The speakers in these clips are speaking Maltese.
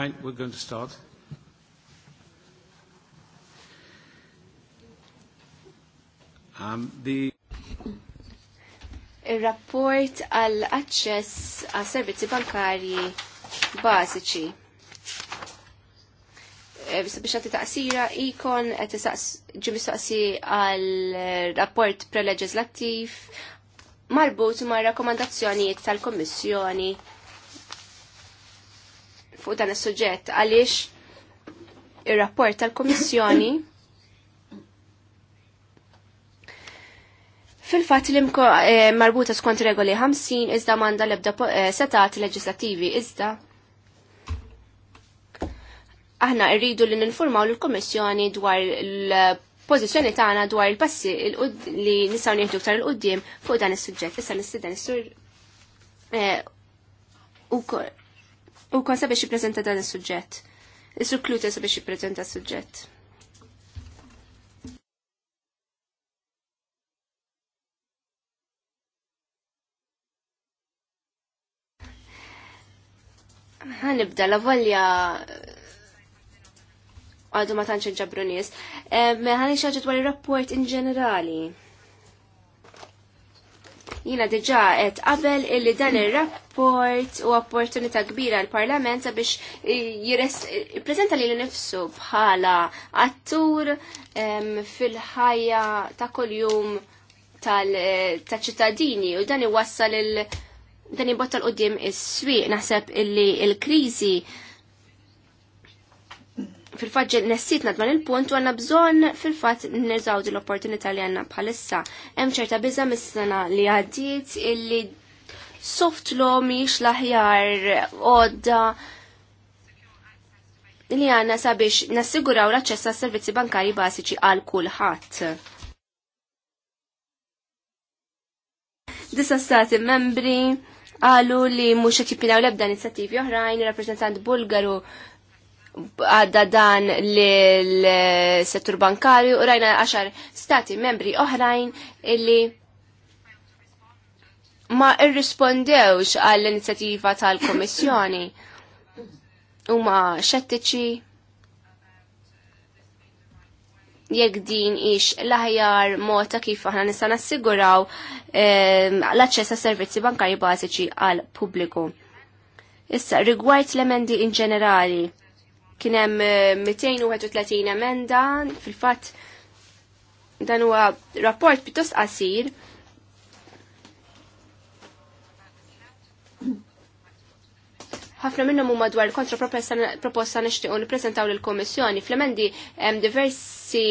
Fine, we're going to start. Um, the Il-rapport għall aċċess għal servizzi bankarji bażiċi. E, Biex għati taqsira, ikon għati ġimistaqsi għal rapport preleġislattiv marbut ma' rakkomandazzjonijiet tal-Kommissjoni fuq dan is-suġġett għaliex ir-rapport tal-Kummissjoni Fil-fat li eh, marbuta skont regoli 50 iżda manda lebda eh, setat leġislativi iżda aħna rridu li ninformaw l kummissjoni dwar l-pożizzjoni tagħna dwar il-passi li nistgħu nieħdu iktar il qudiem fuq dan is-suġġett. Issa nistieden isur. sur eh, U kon sabiex jipprezenta dan is-suġġett. Is-sur sabiex jipprezenta s-suġġett. ħanibda la volja għadu ma tantx ġabru nies. Eh, ħani xaġet dwar ir-rapport in ġenerali. Jina diġa qed qabel illi dan ir-rapport u opportunità kbira l-Parlament biex eh, jippreżenta eh, li nifsu bħala attur fil-ħajja ta' kuljum eh, ta' ċittadini u dan iwassal il- dan ibotta l-qoddim is-swieq naħseb illi il-kriżi il krizi il kriżi fil-fat nessitna nadman il-punt u għanna bżon fil-fat nirżaw l opportunità li għanna bħalissa. Hemm ċerta biża mis-sena li għaddiet illi soft l miex laħjar għodda li għanna sabiex nassiguraw l-aċċess għas servizzi bankari basiċi għal kulħadd. Disa stati membri għalu li mhux qed lebda l-ebda inizjattivi oħrajn, rappreżentant Bulgaru għadda dan l-settur bankarju u rajna għaxar stati membri oħrajn illi ma irrispondewx għall-inizjattiva tal-Komissjoni u ma xettiċi jekk din ix l-aħjar mod ta' kif aħna nista' nassiguraw ehm, l-aċċess għas servizzi bankarji bażiċi għal pubbliku. Issa rigward l-emendi in ġenerali Kien hemm 231 eh, emenda, fil-fatt dan huwa rapport pjuttost qasir. ħafna minnhom huma dwar kontra proposta nixtiequ nippreżentaw lill-Kummissjoni. Fl-emendi hemm diversi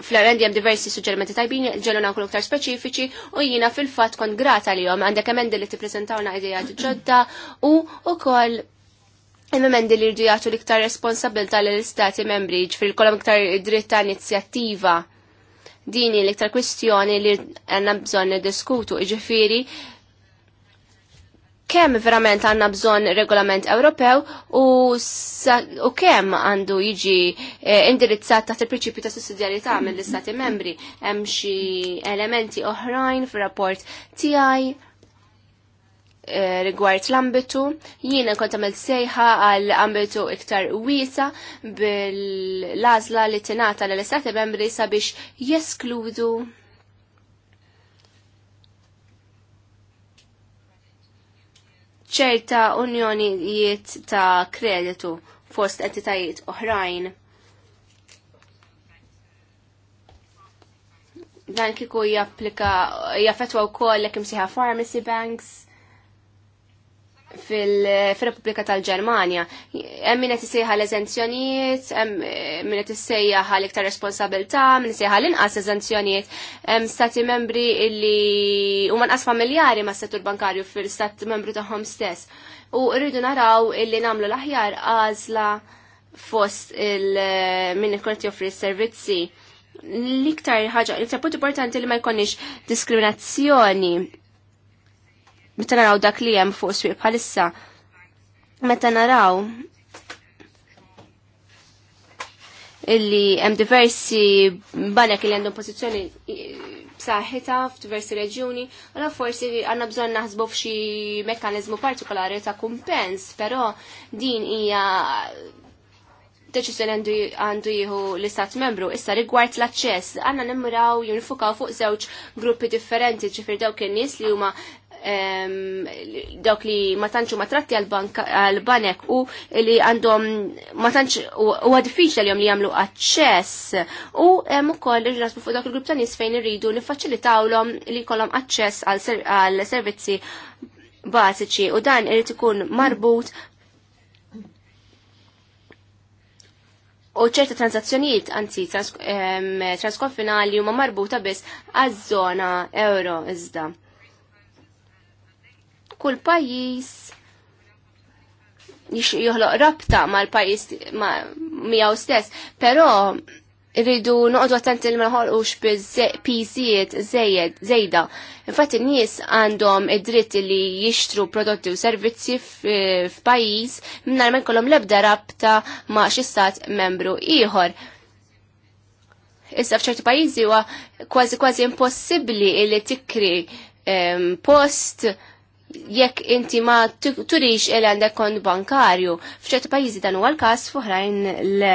fl-emendi hemm diversi suġġerimenti tajbin ġelu nagħmlu aktar speċifiċi u jiena fil-fatt kont grata lihom għandek emendi li tippreżentawna idejat ġodda u ukoll il-memendi li rridu jagħtu l-iktar responsabilità l-istati membri fil-kolom iktar ta' inizjattiva dini l-iktar kwistjoni li għanna bżon diskutu iġifiri kem verament għanna bżon regolament Ewropew u, u kem għandu jiġi eh, indirizzat taħt il-prinċipju ta' sussidjarità mill-Istati membri. Hemm xi elementi oħrajn fir-rapport tiegħi Eh, rigward l-ambitu, jiena kont għamil sejħa għal ambitu iktar wisa bil-lazla li tinata l-istati membri sabiex jeskludu ċerta unjonijiet ta' kreditu fost entitajiet oħrajn. Dan kiku japplika, jaffetwa u koll l siħa pharmacy banks, fil-Repubblika tal germania Hemm min qed l-eżenzjonijiet, hemm min qed issejjaħa l-iktar responsabilità, min isejħa l-inqas eżenzjonijiet, hemm stati membri illi huma nqas familjari ma' settur bankarju fil-stat membru tagħhom stess. U rridu naraw illi nagħmlu l-aħjar għażla fost il minni ikun joffri s-servizzi. L-iktar ħaġa, l-iktar punt importanti li ma jkunniex diskriminazzjoni meta naraw dak li hemm fuq swieq bħalissa, meta naraw illi hemm diversi banek li għandhom pożizzjoni b'saħħitha f'diversi reġjuni, allora forsi għandna bżonn naħsbu f'xi mekkaniżmu partikolari ta' kumpens, però din hija deċiżjoni għandu jieħu l-istat membru. Issa rigward l-aċċess, għandna nimmuraw jinfukaw fuq żewġ gruppi differenti ġifir dawk in-nies li huma dawk li ma tantxu ma tratti għal-banek u li għandhom ma tantx u għadfiċ li jom li jamlu għacċess u hemm ukoll irrasbu fuq dawk il-grupp ta' nies fejn irridu niffaċilitawlhom li jkollhom aċċess għal servizzi bażiċi u dan irid ikun marbut u ċerta transazzjonijiet, anzi transkonfinali huma marbuta biss għaż-żona euro iżda kull pajjiż joħloq rabta mal-pajis miegħu stess, però rridu noqdu attenti li ma noħolqux biżijiet żejjed żejda. Infatti n-nies għandhom id-dritt li jixtru prodotti u servizzi f'pajjiż mingħajr ma jkollhom l-ebda rabta ma' xi stat membru ieħor. Issa f'ċerti pajjiżi huwa kważi kważi impossibbli li tikri ehm, post jekk inti ma turix il għandek kont bankarju. F'ċerti pajjiżi dan huwa l-każ f'oħrajn le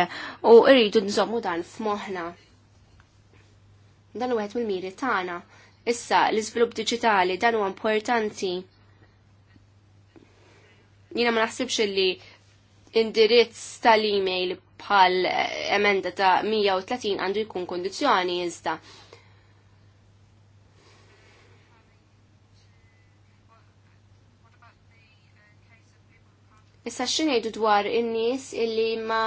u rridu nżommu dan f'moħħna. Dan għet mill-miri tagħna. Issa l-iżvilupp diġitali dan huwa importanti. Jiena ma naħsibx li indirizz tal-email bħal emenda ta' 130 għandu jkun kondizjoni iżda. Issa xinejdu dwar in-nies illi ma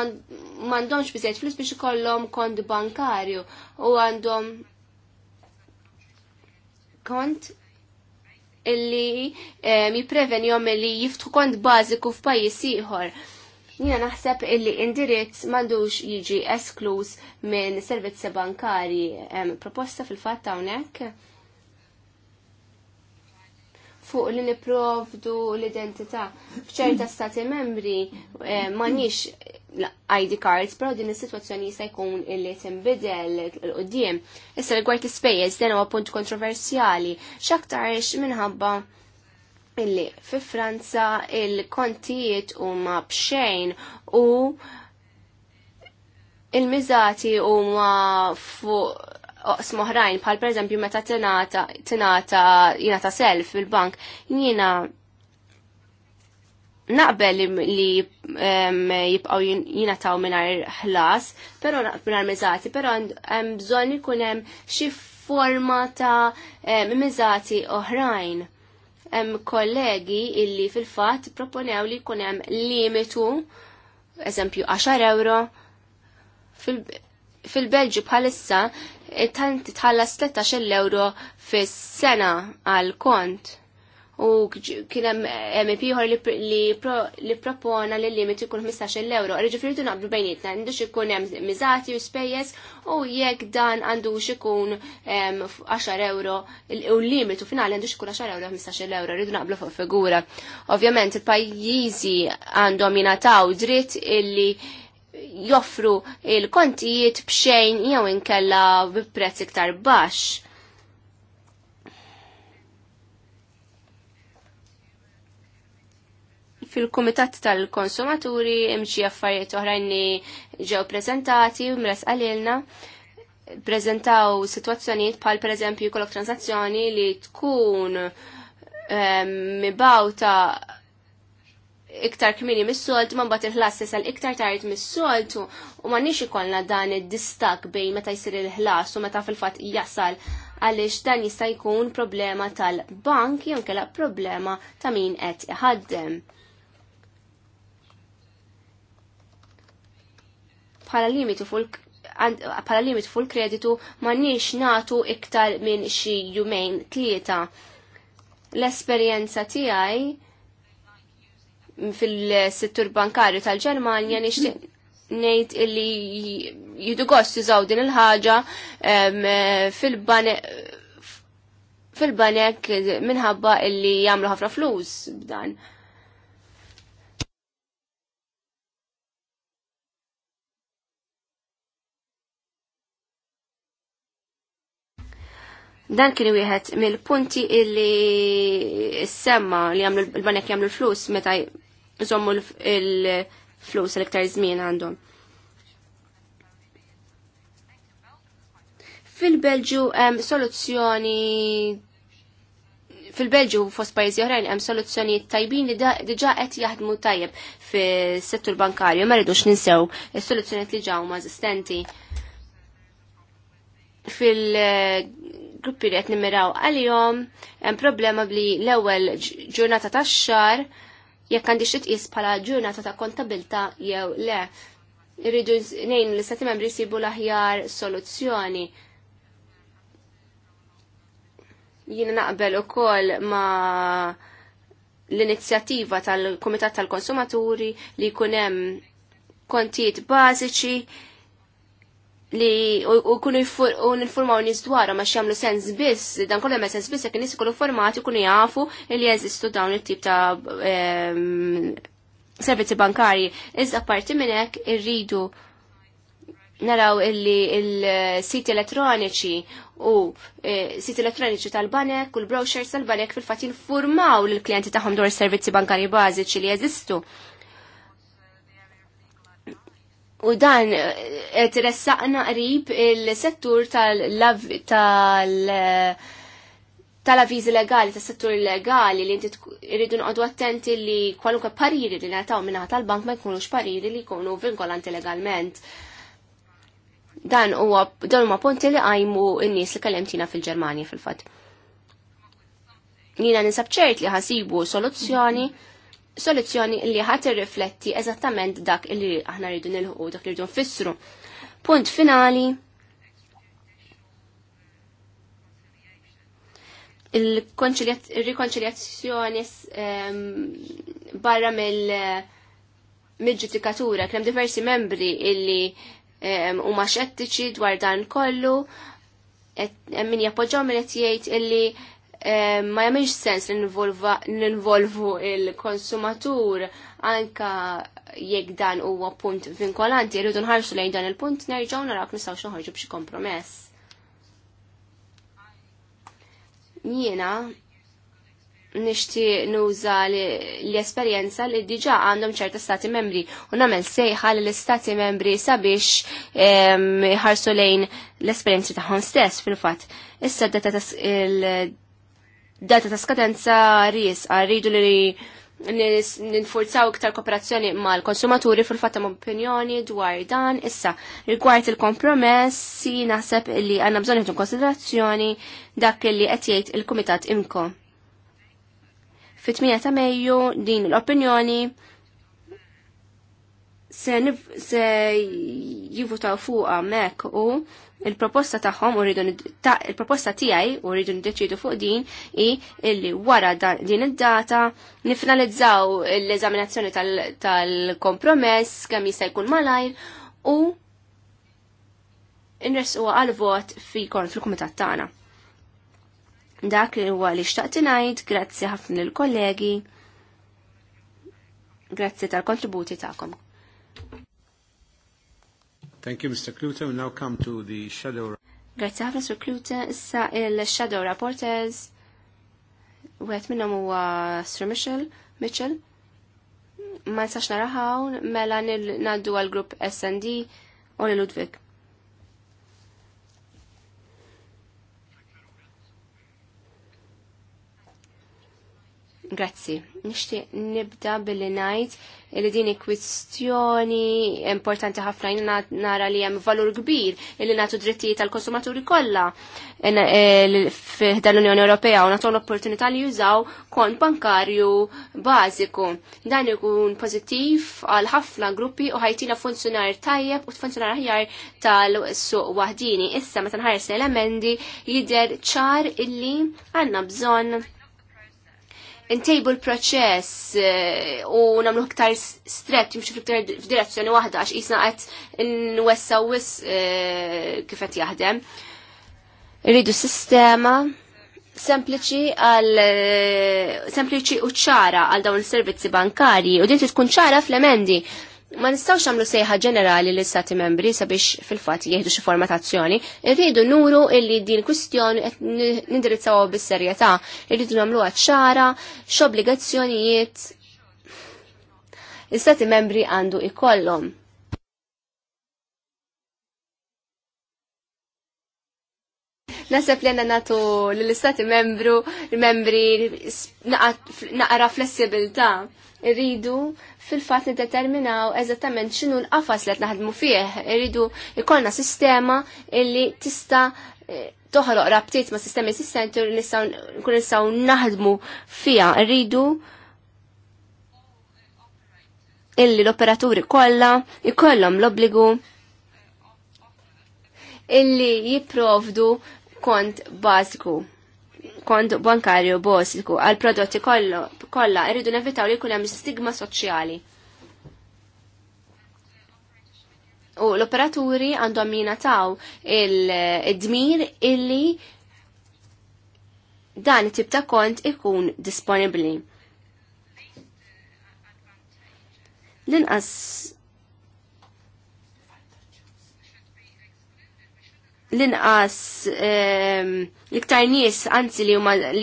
m'għandhomx biżejt flus biex ikollhom kont bankarju u għandhom kont illi ehm, jiprevenjom illi jiftħu kont bażiku f'pajjiż ieħor. Jina naħseb illi indirizz m'għandux jiġi esklus minn servizzi bankari ehm, proposta fil-fatt hawnhekk fuq li niprovdu l-identità. F'ċerta stati membri eh, manix ID cards, però din is-sitwazzjoni jista' jkun illi tinbidel l-qudiem. Issa rigward l-ispejjeż dan huwa punt kontroversjali x'aktarx minħabba illi fi Franza il-kontijiet huma bxejn u il-miżati huma fuq smoħrajn, pal per eżempju meta tinata jina ta' self fil-bank, jina naqbel li jibqaw jina taw minar ħlas, pero minar mizati, pero hemm bżonn ikun hemm xi forma ta' mizati oħrajn. Hemm kollegi illi fil-fatt proponew li jkun hemm limitu, eżempju 10 euro, fil-Belġu bħalissa tħallas 13 euro fis-sena għal kont. U kien hemm MP li propona li limit ikun 15 euro. Ġifieri tu naqblu bejnietna, għandux ikun hemm miżati u spejjeż u jekk dan għandux ikun 10 euro u limitu finali għandu xkun 10 euro 15 euro, rridu naqblu fuq figura. Ovvjament il-pajjiżi għandhom jingħataw dritt illi joffru il-kontijiet bxejn jew inkella b'prezz iktar baxx. fil-Kumitat tal-Konsumaturi imxi affarijiet oħrajn li ġew preżentati u mres għalilna preżentaw situazzjonijiet bħal pereżempju jkollok transazzjoni li tkun ehm, mibawta um, iktar kmini mis-soltu, man bat il-ħlas jisal iktar tard mis-soltu, u ma nix ikollna dan id-distak bej meta jisir il-ħlas u meta fil-fat jasal għalix dan jista' jkun problema tal-bank jew kella problema ta' min qed iħaddem. Bħala limitu fuq bħala limit fuq kreditu ma nix natu iktar minn xi jumejn tlieta. L-esperjenza tiegħi fil-settur bankarju tal-Ġermanja nixtieq ngħid illi jidu gost din il-ħaġa fil-banek fil-banek minħabba illi jagħmlu ħafna flus b'dan. Dan kien wieħed mill-punti illi semma li jagħmlu l-banek jagħmlu l-flus meta iżommu l-flus l-iktar żmien għandhom. Fil-Belġu hemm soluzzjoni fil-Belġu fost pajjiżi oħrajn hemm soluzzjonijiet tajbin li diġà qed jaħdmu tajjeb fis-settur bankarju, ma rridux ninsew is-soluzzjonijiet li ġew eżistenti. Fil-gruppi li qed nimmiraw għalihom hemm problema bli l-ewwel ġurnata tax-xar jekk għandi tqis bħala ġurnata ta' kontabilta jew le. Irridu nejn l-istati membri jsibu l-aħjar soluzzjoni. Jiena naqbel ukoll ma' l-inizjattiva tal-Kumitat tal-Konsumaturi li jkun hemm kontijiet bażiċi li u kunu nifurmaw nis dwarom għax jagħmlu sens biss, dan kollu ma sens biss, jek nis kollu formati kunu jafu li jeżistu dawn it-tip ta' ehm, servizzi bankari. Iżda parti minnek irridu naraw illi il-siti elettroniċi u eh, siti elettroniċi tal-banek u l brochers tal-banek fil-fat jinformaw l-klienti taħħom dwar servizzi bankari bażiċi li jeżistu U dan eh, ressaqna qrib il-settur tal-aviz tal, aviz eh, tal avizi legali, tas-settur legali li inti rridu nqogħdu attenti li kwalunkwe pariri li nagħtaw minna tal-bank ma jkunux pariri li jkunu vinkolanti legalment. Dan huwa dan ma punti li għajmu n-nies li kellemtina fil-Ġermanja fil-fatt. Jiena nisab ċert li ħasibu soluzzjoni mm -hmm soluzzjoni li ħat irrifletti eżattament dak li aħna rridu nilħu dak li rridu nfissru. Punt finali. Il-rikonċiljazzjoni barra mill ġudikatura kemm diversi membri illi huma xettiċi dwar dan kollu, min jappoġġaw minn jgħid illi Eh, ma jamiex sens ninvolvu il-konsumatur anka jekk dan huwa punt vinkolanti, irridu nħarsu lejn dan il-punt nerġgħu narak nistgħu xi b'xi kompromess. Jiena nixti nuża l-esperjenza li diġà għandhom ċerta stati membri u nagħmel sejħa l istati membri sabiex ehm, ħarsu lejn l-esperjenzi tagħhom stess fil-fatt. Issa data il data ta' skadenza ris, rridu li ninfurzaw iktar kooperazzjoni mal-konsumaturi fil-fatta ma' opinjoni dwar dan. Issa, rigward il si naħseb li għanna bżon jħdu konsiderazzjoni dak li qed jgħid il-Kumitat Imko. fit ta' meju din l-opinjoni se jivutaw fuqa mek u il-proposta tagħhom ta il-proposta tiegħi u rridu niddeċidu fuq din i illi wara din id-data nifinalizzaw l-eżaminazzjoni tal-kompromess kemm jista' jkun malajr u nresquha għal vot fikon fil-kumitat tagħna. Dak li huwa li xtaqt ngħid, grazzi ħafna lill kollegi grazzi tal-kontributi tagħkom. Thank you, Mr. Kluter. We now come to the shadow. Grazie ħafna Sur Klute. il-shadow rapporters. Wet minnhom huwa Sir Mitchell. Mitchell. Ma nsax naraħawn mela nil-naddu għal grupp SD u l Ludwig. Grazzi. Nixtieq nibda billi ngħid li din kwistjoni importanti ħafna jina nara li hemm valur kbir illi nagħtu drittijiet tal-konsumaturi kollha eh, dan l-Unjoni Ewropea u nagħtu l-opportunità li jużaw kont bankarju bażiku. Dan ikun pożittiv għal ħafna gruppi u ħajtina funzjonar tajjeb u funzjonar aħjar tal-suq wahdini. Issa meta nħares l-emendi jidher ċar illi għandna bżonn Intejbu l-proċess eh, u namlu ktar stret jimxu f'direzzjoni waħda għax jisna qed wessa u eh, kif qed jaħdem. Rridu sistema sempliċi għal eh, sempliċi u ċara għal dawn il-servizzi bankari u dinti tkun ċara fl-emendi ma nistawx għamlu sejħa ġenerali l istati membri sabiex fil-fat jieħdu xi forma ta' azzjoni, irridu nuru illi din kwistjoni qed nindirizzawha bis-serjetà, irridu nagħmluha ċara, x'obbligazzjonijiet l istati membri għandu ikollhom. Nasab li għanna natu l-istati membru, membri naqra flessibilta. Rridu fil-fat determinaw eżattament xinu l-qafas li naħdmu fih. Rridu ikolna sistema illi tista eh, toħroq rabtiet ma' sistemi esistenti li kun nistgħu naħdmu fiha. Rridu illi l-operaturi kollha ikollhom l-obbligu illi jiprovdu kont bażiku kont bankarju basiku, għal prodotti kollha irridu nevitaw li jkun hemm stigma soċjali. U l-operaturi għandhom jinataw il-dmir illi dan it-tip ta' kont ikun disponibbli. L-inqas l-inqas ehm, l-iktar nies anzi li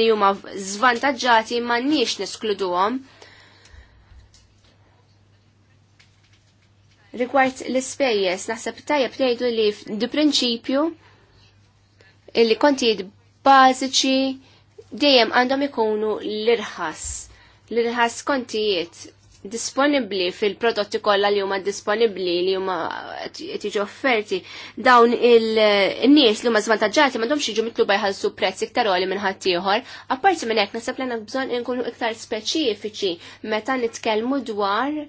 huma zvantaġġati m'għandniex neskluduhom. Rigward l-ispejjeż, naħseb tajjeb tgħidu li di prinċipju li kontijiet bażiċi dejjem għandhom ikunu l-irħas. L-irħas kontijiet disponibli fil-prodotti kollha li huma disponibli li huma qed jiġu offerti dawn il-nies li huma żvantaġġati m'għandhomx jiġu mitluba jħallsu prezz iktar għoli minn ħadd ieħor. Apparti minn hekk naħseb li għandna bżonn inkunu iktar speċifiċi meta nitkellmu dwar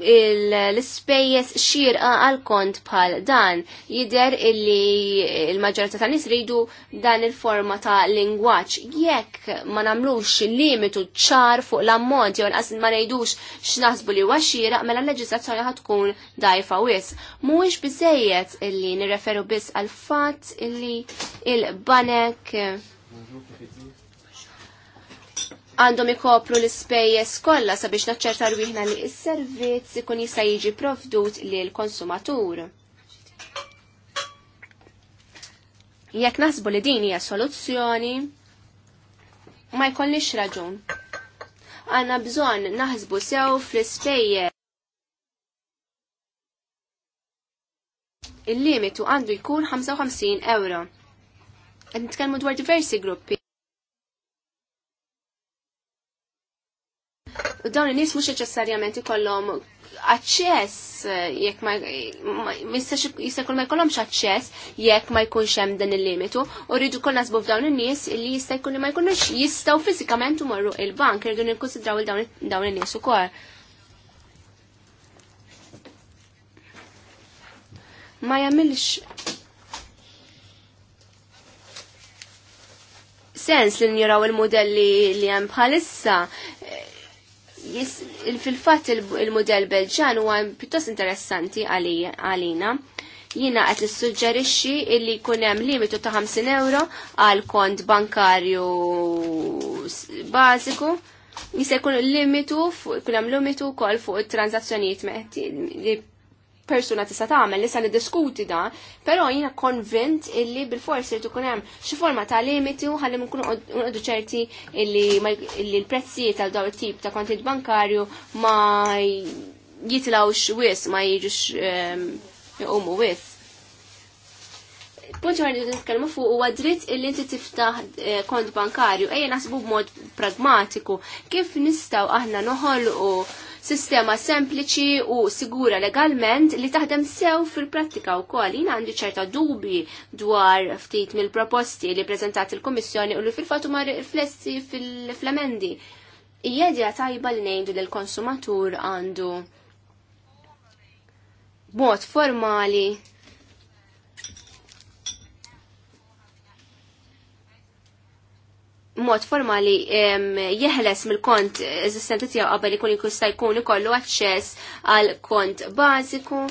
l-spejjes xirqa għal-kont bħal dan. Jider illi il maġġorità tan nies ridu dan il-forma ta' lingwaġġ. Jekk ma namlux limitu ċar fuq l-ammont jew inqas ma ngħidux x'naħsbu li huwa xieraq mela l-leġiżlazzjoni ħad tkun dajfa wis. Mhuwiex biżejjed illi nirreferu biss għal fatt illi il-banek għandhom ikopru l-ispejjeż kollha sabiex naċċerta rwieħna li s-servizz ikun jista' jiġi provdut lil konsumatur. Jekk naħsbu li din hija soluzzjoni, ma jkollniex raġun. Għanna bżonn naħsbu sew fl-ispejjeż il-limitu għandu jkun 55 euro. Nitkellmu dwar diversi gruppi. dawn in-nies mhux neċessarjament ikollhom aċċess eh, jekk ma jista' jkun ma jkollhomx aċċess jekk ma jkunx hemm din il-limitu u rridu kol nasbu f'dawn in-nies li jista' jkun ma jkunux jistgħu fiżikament imorru il-bank irridu nikkonsidraw dawn in-nies ukoll. Ma jagħmilx sens li njuraw il-modelli li hemm bħalissa fil-fatt il-modell Belġan huwa pjuttost interessanti għalina. Jina qed nissuġġerixxi illi jkun hemm limitu ta' 50 euro għal kont bankarju bażiku. Jista' jkun limitu, jkun hemm limitu wkoll fuq it-transazzjonijiet persuna tista' tagħmel li sa niddiskuti dan, però jiena konvint illi bil-forsi li tkun hemm xi forma ta' limiti u ħalli nkunu nqogħdu ċerti illi l-prezzijiet tal dawn tip ta' kontit bankarju ma jitilawx wis ma jiġux jqumu ehm, wis. Punti għarri nitkellmu fuq huwa dritt illi inti tiftaħ eh, kont bankarju, ejja naħsbu b'mod pragmatiku, kif nistgħu aħna noħolqu sistema sempliċi u sigura legalment li taħdem sew fil-prattika u kol. Jina għandi ċerta dubi dwar ftit mill-proposti li prezentat il-Komissjoni u li fil-fatu ma riflessi fil-flamendi. Ijedja tajba li nejdu li l-konsumatur għandu mod formali mod formali jeħles mill-kont eżistenti tiegħu qabel ikun jkun jista' jkun ikollu aċċess għal kont bażiku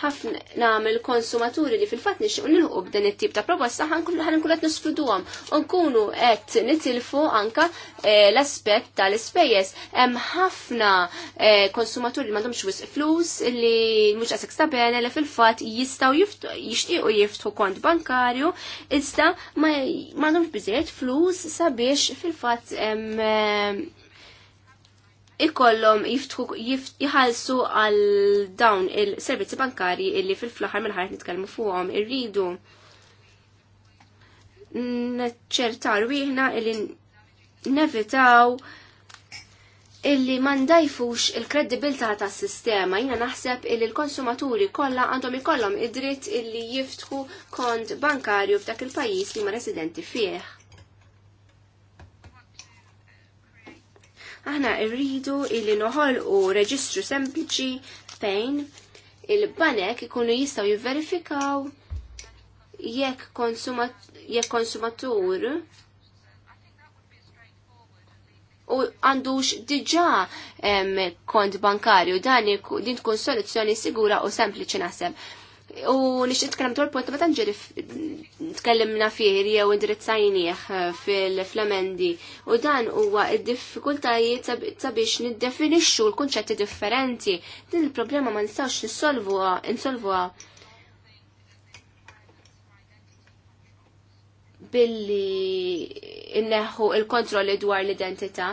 ħafna nagħmel konsumaturi li fil-fatt nixtiequ nilħu b'dan it-tip ta' proposta ħankun qed nisfruduhom u nkunu qed nitilfu anka eh, l-aspett tal-ispejjeż. Hemm ħafna eh, konsumaturi li m'għandhomx wisq flus li mhux qasek sta bene li fil-fatt jistgħu jixtiequ jiftħu kont bankarju iżda ma m'għandhomx biżejjed flus sabiex fil-fatt eh, ikollhom jiftħu jħallsu għal dawn il-servizzi bankari illi fil-flaħar mill-ħar nitkellmu fuqhom irridu naċċertar wieħna illi nevitaw illi ma ndajfux il-kredibilità tas sistema jina naħseb illi l-konsumaturi kollha għandhom ikollhom id-dritt illi jiftħu kont bankarju f'dak il-pajjiż li ma residenti fih. aħna rridu illi noħolqu reġistru sempliċi fejn il-banek ikunu jistaw jivverifikaw jekk konsumat, jek konsumatur u għandux diġa em, kont bankarju dan din tkun soluzzjoni sigura u sempliċi naħseb. U nix nitkellem dwar punt meta nġeri tkellimna fih jew indirizzajnieh eh, fil-flamendi. U dan huwa d-diffikultajiet sabiex niddefinixxu l-kunċetti differenti. Din il-problema ma nistgħux nissolvuha insolvuha billi inneħu il-kontroll dwar l-identità.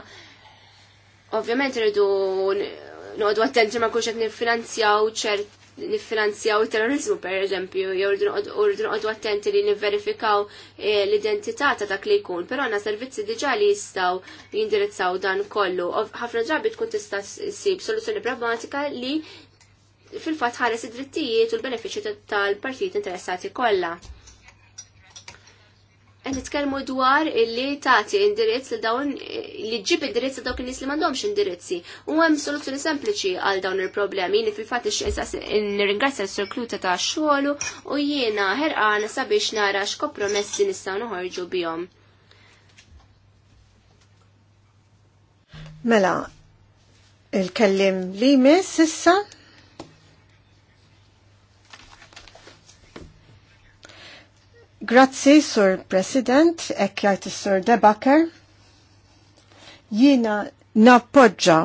Ovvjament rridu noqdu attenti ma kulxet nifinanzjaw ċert nifinanzjaw terrorizmu per eżempju, jew urdu attenti li nifverifikaw eh, l-identità ta' dak li jkun, però għandna servizzi diġà li jistgħu jindirizzaw dan kollu. Ħafna drabi tkun tista' ssib soluzzjoni pragmatika li fil-fatt ħares id-drittijiet u l-benefiċċji tal-partijiet interessati kollha qed nitkellmu dwar li tagħti indirizz li dawn li ġib indirizz dawk in-nies li m'għandhomx indirizzi. U hemm soluzzjoni sempliċi għal dawn il-problemi. Jiena fil-fatt nirringrazzja s-Sur ta' xogħlu u jiena ħerqana sabiex nara x'kompromessi nistgħu noħorġu bihom. Mela, il-kellim li mis issa Grazzi, Sur President, ekkjajt Sur Debaker. Jina nappoġġa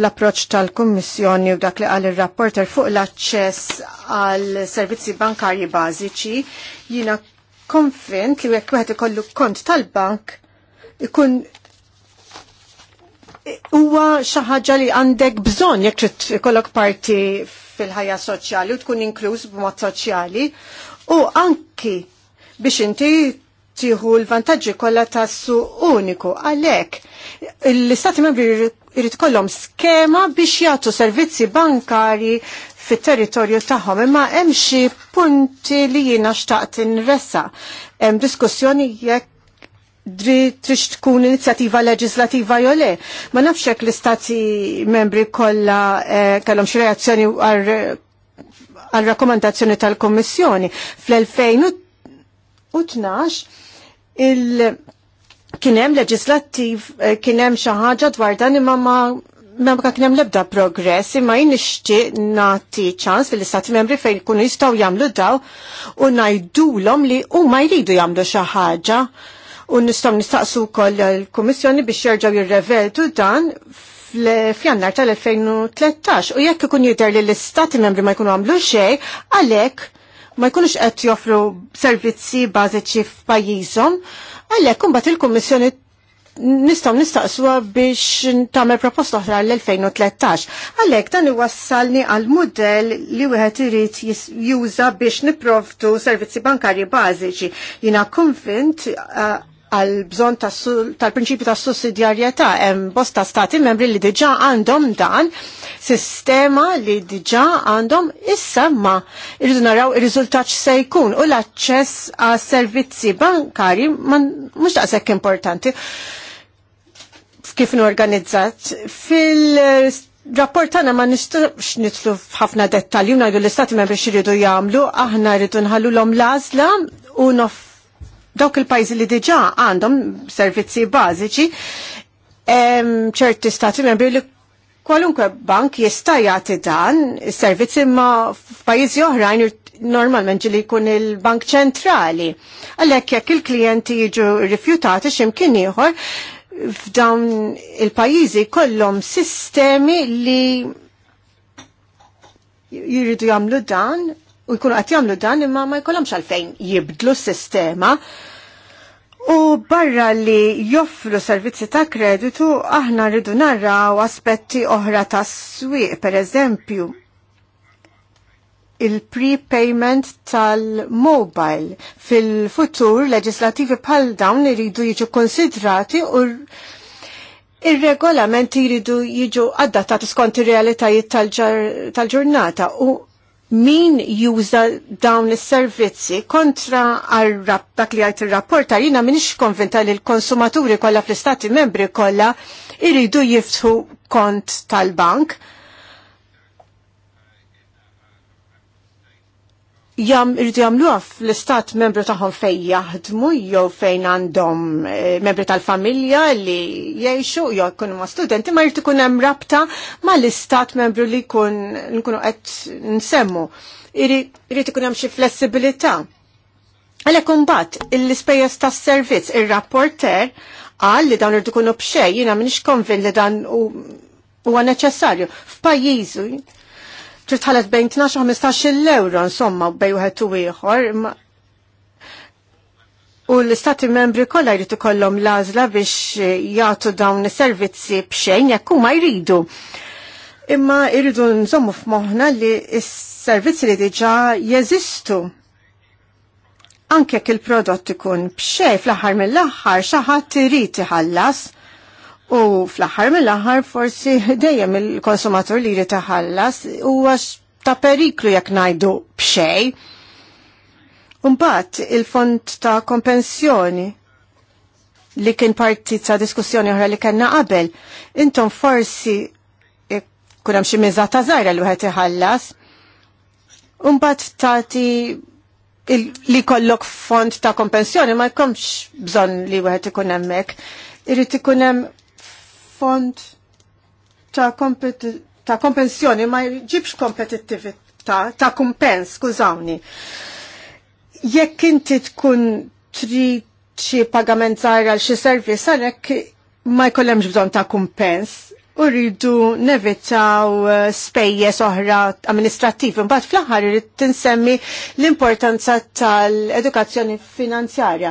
l-approċ tal-Kommissjoni u dak li għal il-rapporter fuq l-aċċess għal servizzi bankarji bażiċi jina konfint li jekk wieħed ikollu kont tal-bank ikun huwa xi ħaġa li għandek bżonn jekk trid ikollok parti fil-ħajja soċjali u tkun inkluż b'mod soċjali u anki biex inti tiħu l-vantaġġi kollha tassu uniku għalhekk l-istati membri jrid kollhom skema biex jagħtu servizzi bankari fit-territorju tagħhom, imma hemm xi punti li jiena xtaqt inressa. Hemm diskussjoni jekk trix tkun inizjattiva leġislativa jew le. Ma nafx hekk l-istati membri kollha eh, kellhom xi reazzjoni għal rakkomandazzjoni tal-Kommissjoni. Fl-2012 il- kienem leġislattiv, eh, kienem xaħġa dwar dan imma ma Memka kien hemm l-ebda progress imma jien nixtieq nagħti ċans fil-istati membri fejn jkunu jistgħu jagħmlu daw u ngħidulhom li huma jridu jagħmlu xi ħaġa u nistgħu nistaqsu wkoll l-Kummissjoni biex jerġgħu jirreveltu dan f'jannar tal-2013 u jekk ikun jidher li l-istati membri ma jkunu għamlu xejn, għalhekk ma jkunux qed joffru servizzi bażiċi f'pajjiżhom, għalhekk kumbat il-Kummissjoni nistaw nistaqsuha biex tagħmel proposta oħra l-2013. Għalhekk dan iwassalni għal mudell li wieħed irid juża biex nipprovdu servizzi bankarji bażiċi. Jiena konvint għal bżon tal-prinċipju ta' sussidjarjetà hemm bosta stati membri li diġà għandhom dan sistema li diġà għandhom issa ma irridu naraw ir-riżultat se jkun u l-aċċess għas servizzi bankari mhux daqshekk importanti kif organizzat fil Rapport tagħna ma nistax nitlu f'ħafna dettalji u ngħidu l-istati membri xiridu jagħmlu, aħna rridu nħallu l-om l-għażla u nof dawk il-pajzi li diġa għandhom servizzi bażiċi ċerti stati membri li kwalunkwe bank jista' jagħti dan is-servizzi imma f'pajjiżi oħrajn normalment ġili jkun il-bank ċentrali. Għalhekk jekk il-klijenti jiġu rifjutati x'imkien ieħor f'dawn il-pajjiżi kollhom sistemi li jiridu jagħmlu dan u jkunu qed jagħmlu dan imma ma jkollhomx għalfejn jibdlu s-sistema. U barra li joffru servizzi ta' kreditu aħna rridu narraw aspetti oħra ta' swieq, per eżempju, il-prepayment tal-mobile fil-futur leġislativi bħal dawn iridu jiġu konsidrati u ir-regolamenti jridu jiġu adattati skont ir-realitajiet tal-ġurnata u min juża dawn is-servizzi kontra għal dak li għajt ir-rapport jiena minix konventa li l-konsumaturi kollha fl-istati membri kollha iridu jiftħu kont tal-bank jam irridu jamluha l istat membru tagħhom fejn jaħdmu jew fejn għandhom eh, membru tal-familja li jgħixu jew kunu ma' studenti ma jrid ikun hemm rabta mal-istat membru li jkun nkunu qed nsemmu. Irid ikun hemm xi flessibilità. Għalhekk imbagħad l-ispejjeż tas-servizz ir-rapporter qal li dawn irdu kunu b'xejn jiena m'iniex konvin li dan huwa neċessarju. F'pajjiżu Tritħalet bejn 12 u 15 euro insomma bejn wieħed u ieħor. U l-istati membri kollha jrid ikollhom l-għażla biex eh, jagħtu dawn is-servizzi b'xejn jekk huma jridu. Imma jridu nżommu f'moħħna li s-servizzi li diġà jeżistu anke jekk il-prodott ikun b'xej fl-aħħar mill-aħħar xi ħadd irid iħallas U fl-aħħar mill-aħħar forsi dejjem il-konsumatur li jrid iħallas huwa ta' periklu jekk ngħidu b'xej. Mbagħad il-fond ta' kompensjoni li kien parti ta' diskussjoni oħra li kellna qabel, intom forsi kun hemm xi miża ta' żgħira li wieħed iħallas. u mbagħad tagħti li kollok fond ta' kompensjoni ma jkomx bżonn li wieħed ikun hemmhekk. Irid ikun hemm fond ta', ta kompensjoni ma jġibx kompetittività ta' kumpens, skużawni. Jekk inti tkun trid xi pagament żgħar għal xi servizz għalhekk ma jkollemx bżonn ta' kumpens, u rridu nevitaw eh, spejjes oħra amministrativi. Mbagħad fl-aħħar irid tinsemmi l-importanza tal-edukazzjoni finanzjarja.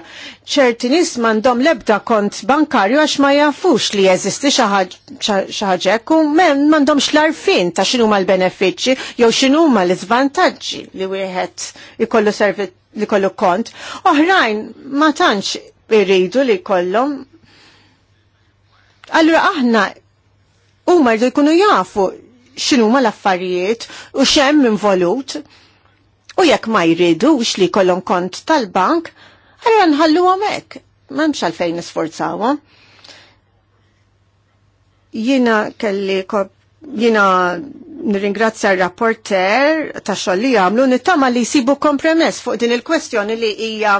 ċerti nies m'għandhom lebda kont bankarju għax ma jafux li jeżisti xi ħaġek u m'għandhomx l-arfin ta' x'inhu l-benefiċċji jew x'inhu l-iżvantaġġi li wieħed ikollu servizz li kollu kont. Oħrajn ma tantx irridu li kollhom Allura aħna u mardu jkunu jafu xinu ma l-affarijiet u xem involut u jekk ma jridux li kollon kont tal-bank, għarra nħallu għamek, memx għalfejn nisforzawa. Jina kelli jina nirringrazzja r-rapporter ta' xoll li għamlu nittama li jisibu kompromess fuq din il-kwestjoni li hija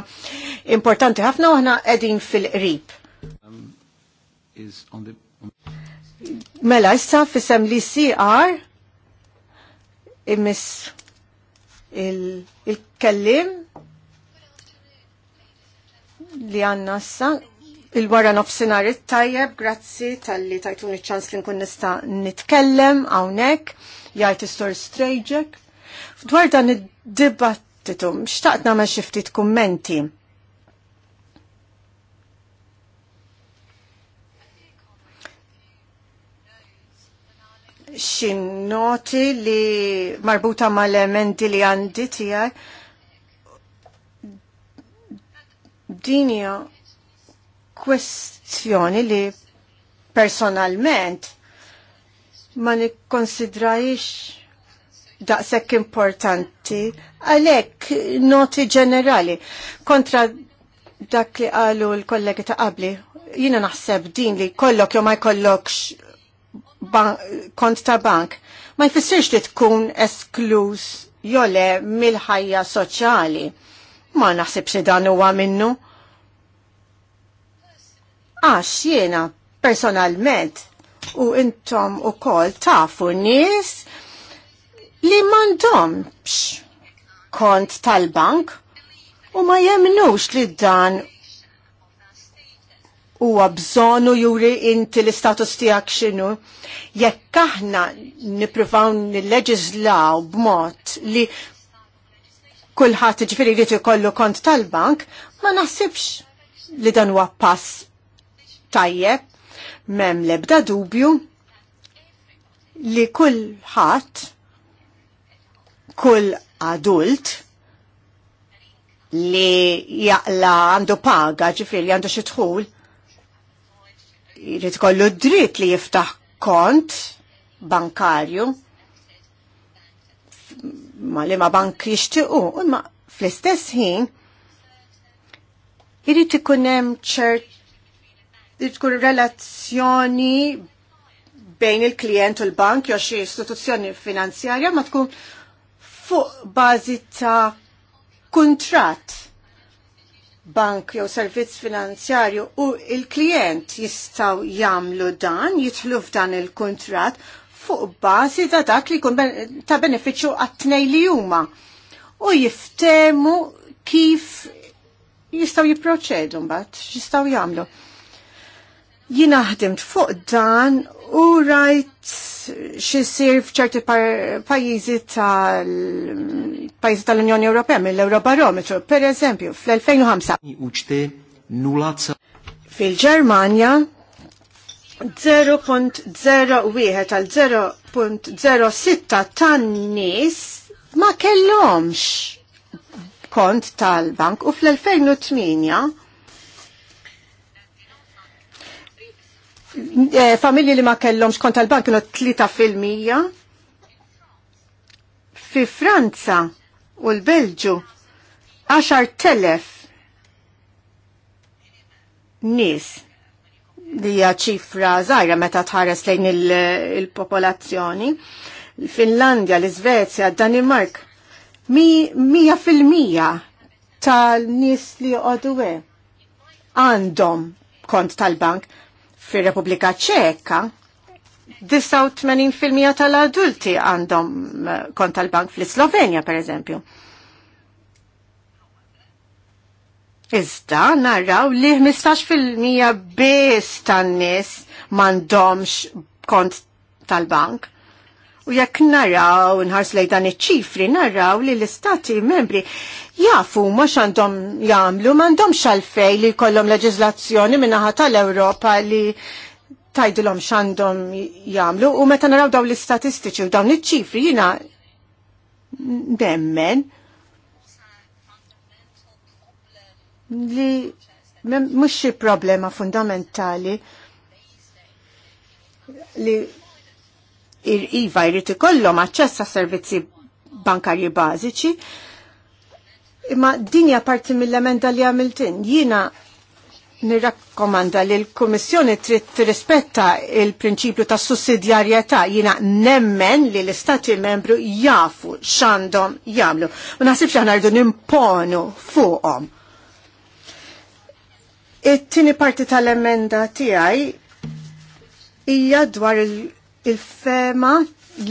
importanti ħafna u ħna edin fil-qrib. Um, is on the Mela, issa fissem li CR imis il-kellim il li għanna issa il-wara nofsinar it-tajjeb, grazzi tal-li tajtuni ċans li nkun nista nitkellem għawnek, jgħajt istor strejġek. Dwar dan id-dibattitum, xtaqt namel xiftit kummenti. xinnoti li marbuta mal-elementi li għandi tijaj. Dinja kwestjoni li personalment ma nikkonsidrajx daqshekk importanti għalhekk noti ġenerali kontra dak li qalu l-kollegi ta' qabli jiena naħseb din li kollok jew ma jkollokx kont ta' bank ma jfissirx li tkun esklus jole mill-ħajja soċjali. Ma naħsibx li dan huwa minnu. Għax jiena personalment u intom u kol tafu nies li mandom kont tal-bank u ma jemnux li dan huwa bżonu juri inti l-istatus tiegħek x'inhu. Jekk aħna nippruvaw nilleġislaw b'mod li kulħadd ġifieri jrid ikollu kont tal-bank, ma naħsibx li dan huwa pass tajjeb m'hemm l-ebda dubju li kulħadd kull adult li jaqla għandu paga ġifri li għandu xitħul jrid kollu dritt li jiftaħ kont bankarju ma li ma bank jishtiqu u ma fl-istess ħin jrid ikun hemm ċert tkun relazzjoni bejn il-klient u l-bank jew xi istituzzjoni finanzjarja ma tkun fuq bażi ta' kuntratt bank jew servizz finanzjarju u il-klient jistaw jamlu dan, jitħlu f'dan il-kontrat fuq bażi ta' dak li jkun ta' beneficju għat-tnej li huma u jiftemu kif jistaw jiproċedu mbagħad, jistaw jagħmlu. Jien ħdimt fuq dan u rajt xissir fċerti pajizi tal-pajizi tal-Unjoni Ewropea mill-Eurobarometru. Per eżempju, fl-2005. Fil-Germania, 0.01 tal 0.06 tan-nies ma kellhomx kont tal-bank u fl-2008 Eh, familji li ma kellhomx kont tal-bank kienu 3%. Fi Franza u l-Belġu 10,000 nies li hija ċifra żgħira meta tħares lejn il-popolazzjoni. Il Finlandja, l-Iżvezja, Danimark, mija fil-mija tal-nies li għodu għandhom kont tal-bank Fir-Repubblika Ċeka 89% tal-adulti għandhom eh, kont tal-bank fl-Slovenja, per eżempju. Iżda narraw li 15% biss tan-nies m'għandhomx kont tal-bank. U jekk naraw, nħars lej dan iċ-ċifri, naraw li l-istati membri jafu ma xandom jamlu, mandom xalfej li kollom leġizlazzjoni minnaħa tal-Europa li tajdilom xandom jamlu. U meta naraw daw l-istatistiċi u dawn iċ-ċifri jina nemmen li mux problema fundamentali li il iva jrid ikollhom aċċess ta' servizzi bankarji bażiċi. Imma din hija parti mill-emenda li għamiltin. Jiena nirrakkomanda li l-Kummissjoni trid tirrispetta il-prinċipju ta' sussidjarjetà jiena nemmen li l-Istati membru jafu x'għandhom jagħmlu. U naħsibx aħna rridu nimponu fuqhom. It-tieni parti tal-emenda tiegħi hija dwar il- il-fema li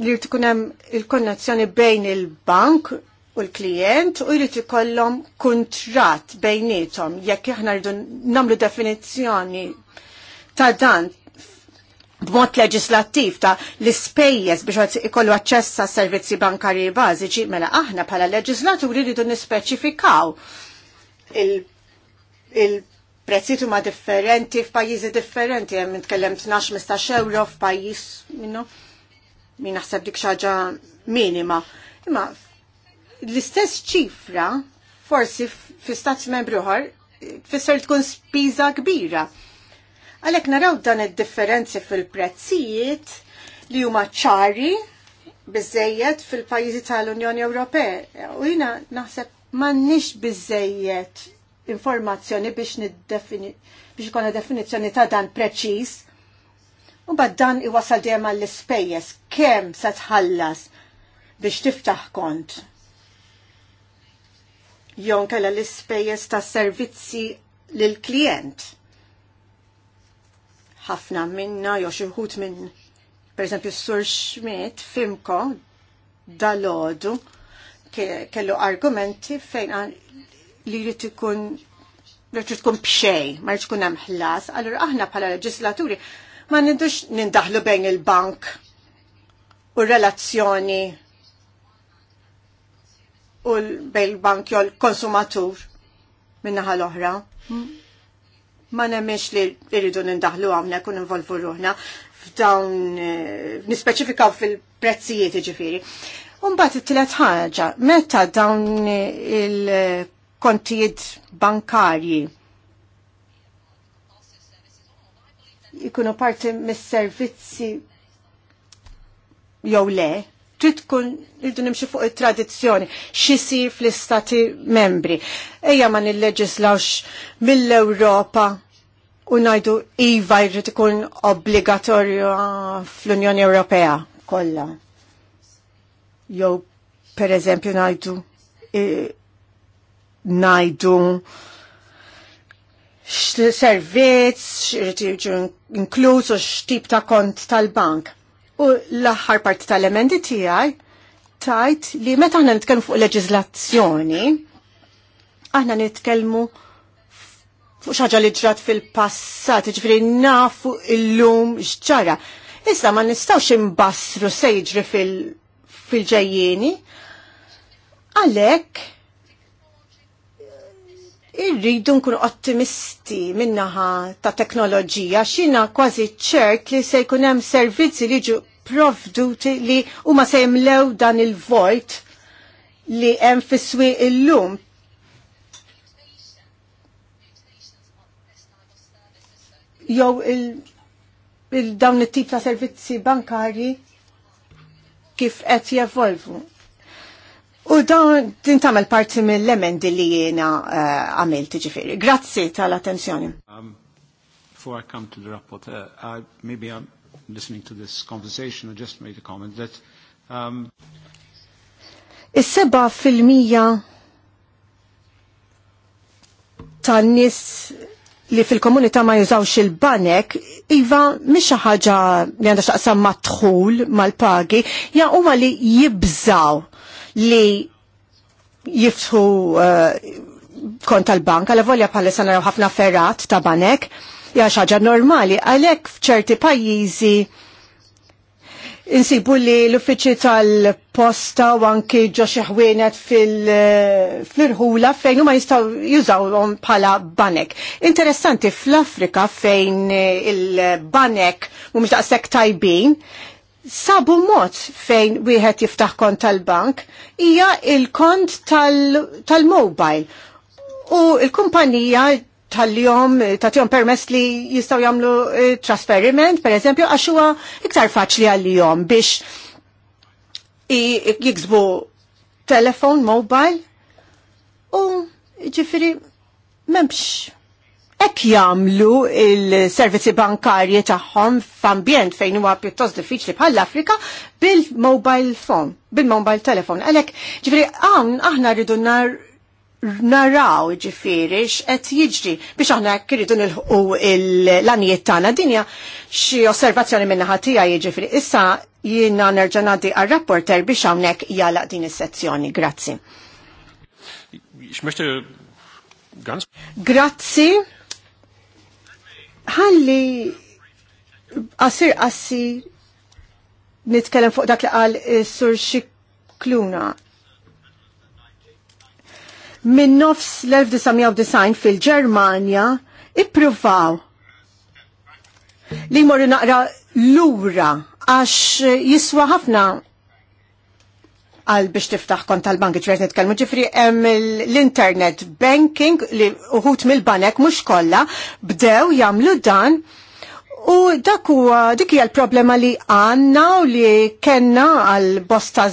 li jrid ikun hemm il-konnezzjoni bejn il-bank u l-klient u jrid ikollhom kuntratt bejnietom jekk aħna rridu nagħmlu definizjoni ta' dan b'mod leġislattiv ta' l-ispejjeż biex ikollu aċċess għas servizzi bankarji bażiċi, mela aħna bħala leġislaturi rridu nispeċifikaw il- prezzitu huma differenti f'pajjiżi differenti, hemm nitkellem 12-15 euro f'pajjiż minnu min naħseb dik xaġa minima. Imma l-istess ċifra forsi fi stat membri oħar tfisser tkun spiża kbira. Għalhekk naraw dan id-differenzi fil-prezzijiet li huma ċari biżejjed fil-pajjiżi tal-Unjoni Ewropea. U jina naħseb m'għandniex biżejjed informazzjoni biex ikonna definizzjoni ta' dan preċiż. U bad dan iwasal dejjem għall ispejjeż kemm se tħallas biex tiftaħ kont. Jon kella l-ispejjeż tas servizzi lil klient ħafna minna jew xi wħud minn pereżempju s-Sur Schmidt fimko dalodu kellu argumenti fejn li jrid ikun jrid tkun b'xej, ma jrid tkun hemm ħlas, aħna bħala leġislaturi ma nindux nindaħlu bejn il-bank u relazzjoni u bejn il-bank jew l-konsumatur minna l-oħra. Hmm. Ma nemmix li rridu nindaħlu għamna kun involvu ruħna f'dawn eh, nispeċifikaw fil-prezzijiet ġifiri. bat it-tlet ħaġa, meta dawn il- kontijiet bankarji ikunu parti mis-servizzi jew le, trid tkun irdu nimxi fuq it-tradizzjoni x'isir fl-istati membri. Ejja ma nilleġislawx mill-Ewropa u ngħidu iva jrid ikun obbligatorju fl-Unjoni Ewropea kollha. Jew pereżempju ngħidu eh, najdu x-servizz, inkluż u x-tip ta' kont tal-bank. U l-aħħar parti tal-emendi tiegħi tajt li meta aħna nitkellmu fuq leġiżlazzjoni, aħna nitkellmu fuq xaġa li ġrat fil-passat, ġifri nafu illum xġara. Issa ma xim imbastru sejġri fil-ġejjeni, fil għalek irridu nkunu ottimisti minnaħa ta' teknoloġija xina kważi ċert li se jkun hemm servizzi li ġu provduti li huma se jimlew dan il-vojt li hemm fiswi illum. Jew il-dawn il it-tip ta' servizzi bankari kif qed jevolvu. U dawn tintamel parti mill-emendi li jiena eh, għamilt uh, ġifiri. Grazzi tal-attenzjoni. Um, before I come to the report, uh, I, maybe I'm listening to this conversation, I just made a comment that... Um... Is-seba fil-mija tan-nis li fil-komunità ma jużawx il-banek, iva mish ħaġa li għandha xaqsam madħul mal-pagi, ja huma li jibżaw li jiftħu eh, kont tal-bank, għal volja palessa naraw ħafna ferrat ta' banek, ja xaġa normali, għalek fċerti pajjiżi insibu li l-uffiċi tal-posta u anki ħwienet fil-irħula eh, fejn u ma jistaw jużawhom bħala banek. Interessanti fl-Afrika fejn eh, il-banek mhumiex daqshekk tajbin, sabu mod fejn wieħed jiftaħ kont tal-bank hija il-kont tal-mobile. U il-kumpanija tal-jom, tal-jom permess li jistaw jamlu eh, trasferiment, per eżempju, għax huwa iktar faċli għal-jom biex jiksbu telefon, mobile, u ġifiri, memx ek jamlu il-servizzi bankarji tagħhom f'ambjent fejn huwa pjuttost diffiċli bħall-Afrika bil-mobile phone, bil-mobile telephone. Għalek, ġifieri hawn aħna rridu naraw ġifiri x'qed jiġri biex aħna kirridu nilħu l-anijiet tagħna dinja xi osservazzjoni minn naħa tiegħi jiġifieri. Issa jiena nerġa' ngħaddi għar-rapporter biex hawnhekk jalaq din is-sezzjoni. Grazzi. Grazzi ħalli qasir qassi nitkellem fuq dak li qal eh, sur xikluna. Min nofs l-1990 fil-Ġermanja ippruvaw li morri naqra lura għax jiswa ħafna għal biex tiftaħ kont tal-bank ċvert nitkellmu ġifri hemm l-internet banking li uħut mill-banek mhux kollha bdew jagħmlu dan U dak huwa dik hija l-problema li għandna u li kenna għal bosta,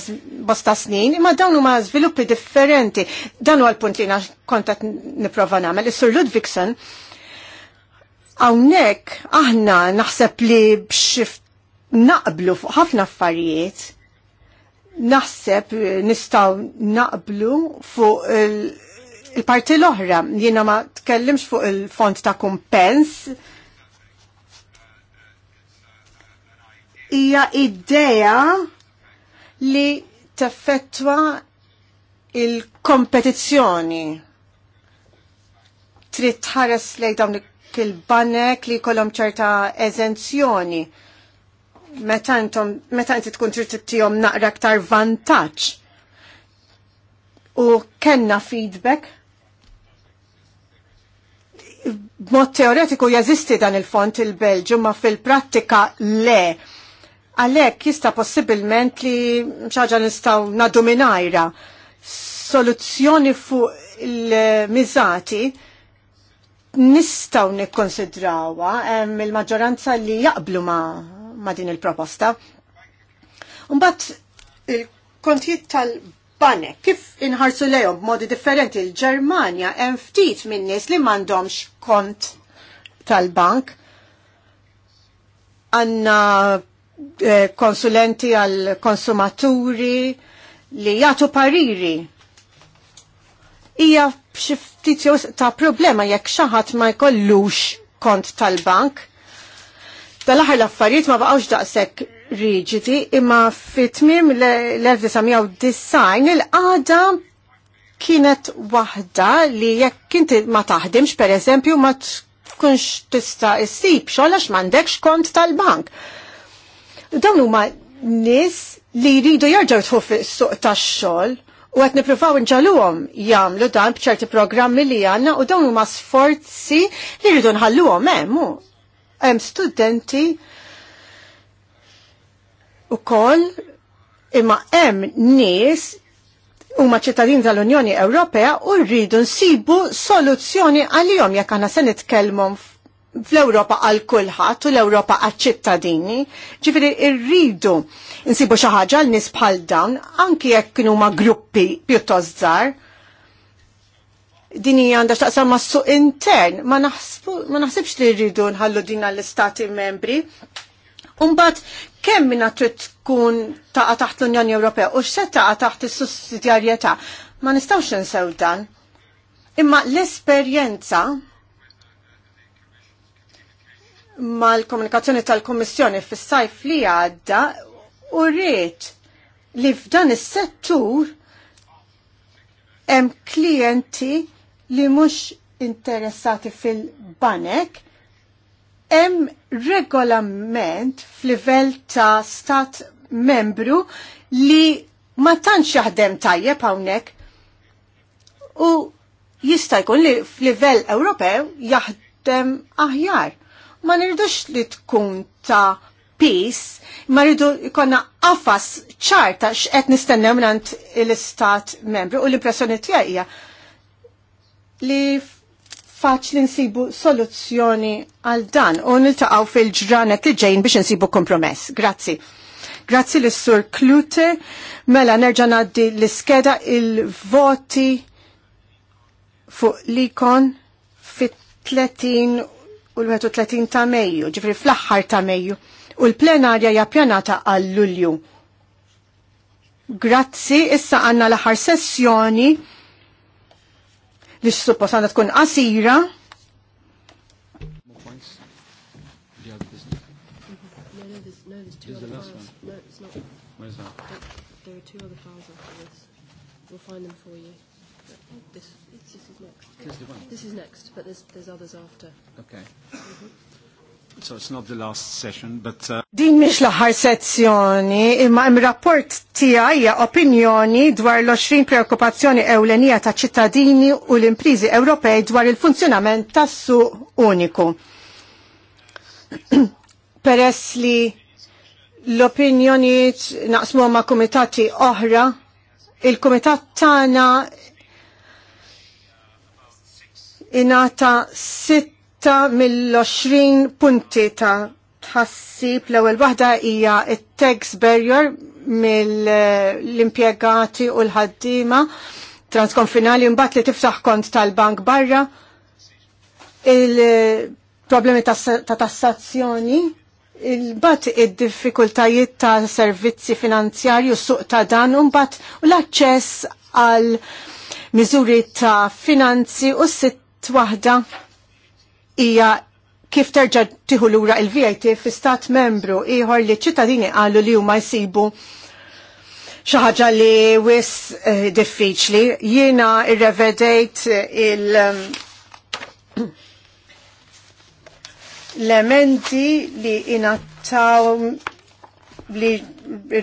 bosta snin, imma dawn huma żviluppi differenti. Dan huwa l-punt li na qed nipprova nagħmel. Is-Sur Ludvigson hawnhekk aħna naħseb li b'xift naqblu fuq ħafna affarijiet naħseb eh, nistaw naqblu fuq il-parti il l-oħra. Jiena ma tkellimx fuq il-font ta' kumpens. Hija idea li teffettwa il-kompetizzjoni. Trid tħares lejn dawn il-banek li kolom ċerta eżenzjoni meta inti tkun trid tittihom naqra aktar vantaġġ. U kenna feedback b'mod teoretiku jeżisti dan il-font il-Belġu ma fil-prattika le. Għalhekk jista' possibilment li xaġa nistgħu nagħdu minajra soluzzjoni fuq il-miżati nistgħu nikkonsidrawha hemm il-maġġoranza li jaqblu ma' ma' din il-proposta. Umbat il-kontijiet tal-banek, kif inħarsu lejhom b'modi differenti il ġermanja hemm ftit nies li m'għandhomx kont tal-bank. Għanna eh, konsulenti għal konsumaturi li jagħtu pariri. Hija xiftit ta' problema jekk xi ħadd ma jkollux kont tal-bank Dal-aħħar l-affarijiet ma baqgħux daqshekk riġidi imma fit-tmiem l-1990 il qada kienet waħda li jekk inti ma taħdimx pereżempju ma tkunx tista' issib xogħol għax m'għandekx kont tal-bank. Dawn huma nies li jridu jerġgħu tħu fis-suq tax-xogħol u qed nippruvaw inġaluhom jagħmlu dan bċerti programmi li għandna u dawn huma sforzi li rridu nħalluhom hemm eh, hemm studenti ukoll imma hemm nies huma ċittadini tal-Unjoni Ewropea u rridu nsibu soluzzjoni għalihom jekk aħna se nitkellmu fl-Ewropa għal kulħadd u l-Ewropa għaċ ċittadini. Ġifieri rridu nsibu xi ħaġa l nies bħal dawn anke jekk huma gruppi pjuttost żgħar din hija għandha x'taqsam mas-suq intern, ma naħsibx li rridu nħallu din għall-istati membri. Umbat, kemm minna trid tkun taqa taħt l-Unjoni Ewropea u x'se taqa taħt is-sussidjarjetà? Ma nistgħux insew dan. Imma l-esperjenza mal-komunikazzjoni tal-Kommissjoni fis-sajf li għadda u rrit li f'dan is-settur hemm klijenti li mhux interessati fil-banek, hemm regolament f'livell ta' stat membru li ma tantx jaħdem tajjeb hawnhekk u jista' jkun li f'livell Ewropew jaħdem aħjar. Ma nirdux li tkun ta' peace, ma rridu jkollna qafas ċarta x'qed nistennew minn l-istat membru u l-impressjoni tiegħi hija li faċli nsibu soluzzjoni għal dan u niltaqgħu fil-ġranet li ġejn biex nsibu kompromess. Grazzi. Grazzi l-Sur Klute, mela nerġa' ngħaddi l-iskeda il-voti fuq likon fit-30 u l-31 ta' Mejju, ġifri fl-aħħar ta' Mejju, u l-plenarja jappjanata għal Lulju. Grazzi, issa għanna l-aħħar sessjoni li x-suppost għandha tkun qasira. We'll find them for This, this is next. This is next, but there's, there's others after. Okay. Mm -hmm. So it's not the last session, but... Uh... Din mish laħar sezzjoni, imma im rapport tija hija opinjoni dwar l-20 preokkupazzjoni ewlenija ta' ċittadini u l-imprizi Ewropej dwar il-funzjonament tas suq uniku. Peress li l-opinjoni naqsmu ma' komitati oħra, il-komitat tana inata sitt sitta mill-20 punti ta' tħassib l-ewwel waħda hija it-tax barrier mill-impjegati u l ħaddima transkonfinali mbagħad li tiftaħ kont tal-bank barra il-problemi ta' tassazzjoni il-bat id-diffikultajiet ta' servizzi finanzjarju suq ta' dan un-bat u l aċċess għal miżuri ta' finanzi u sitt waħda hija kif terġa tiħu lura il-VAT fi stat membru ieħor li ċittadini qalu li huma jsibu xi ħaġa li wis eh, diffiċli. Jiena irrevedejt il- ehm, l-emendi li inattaw li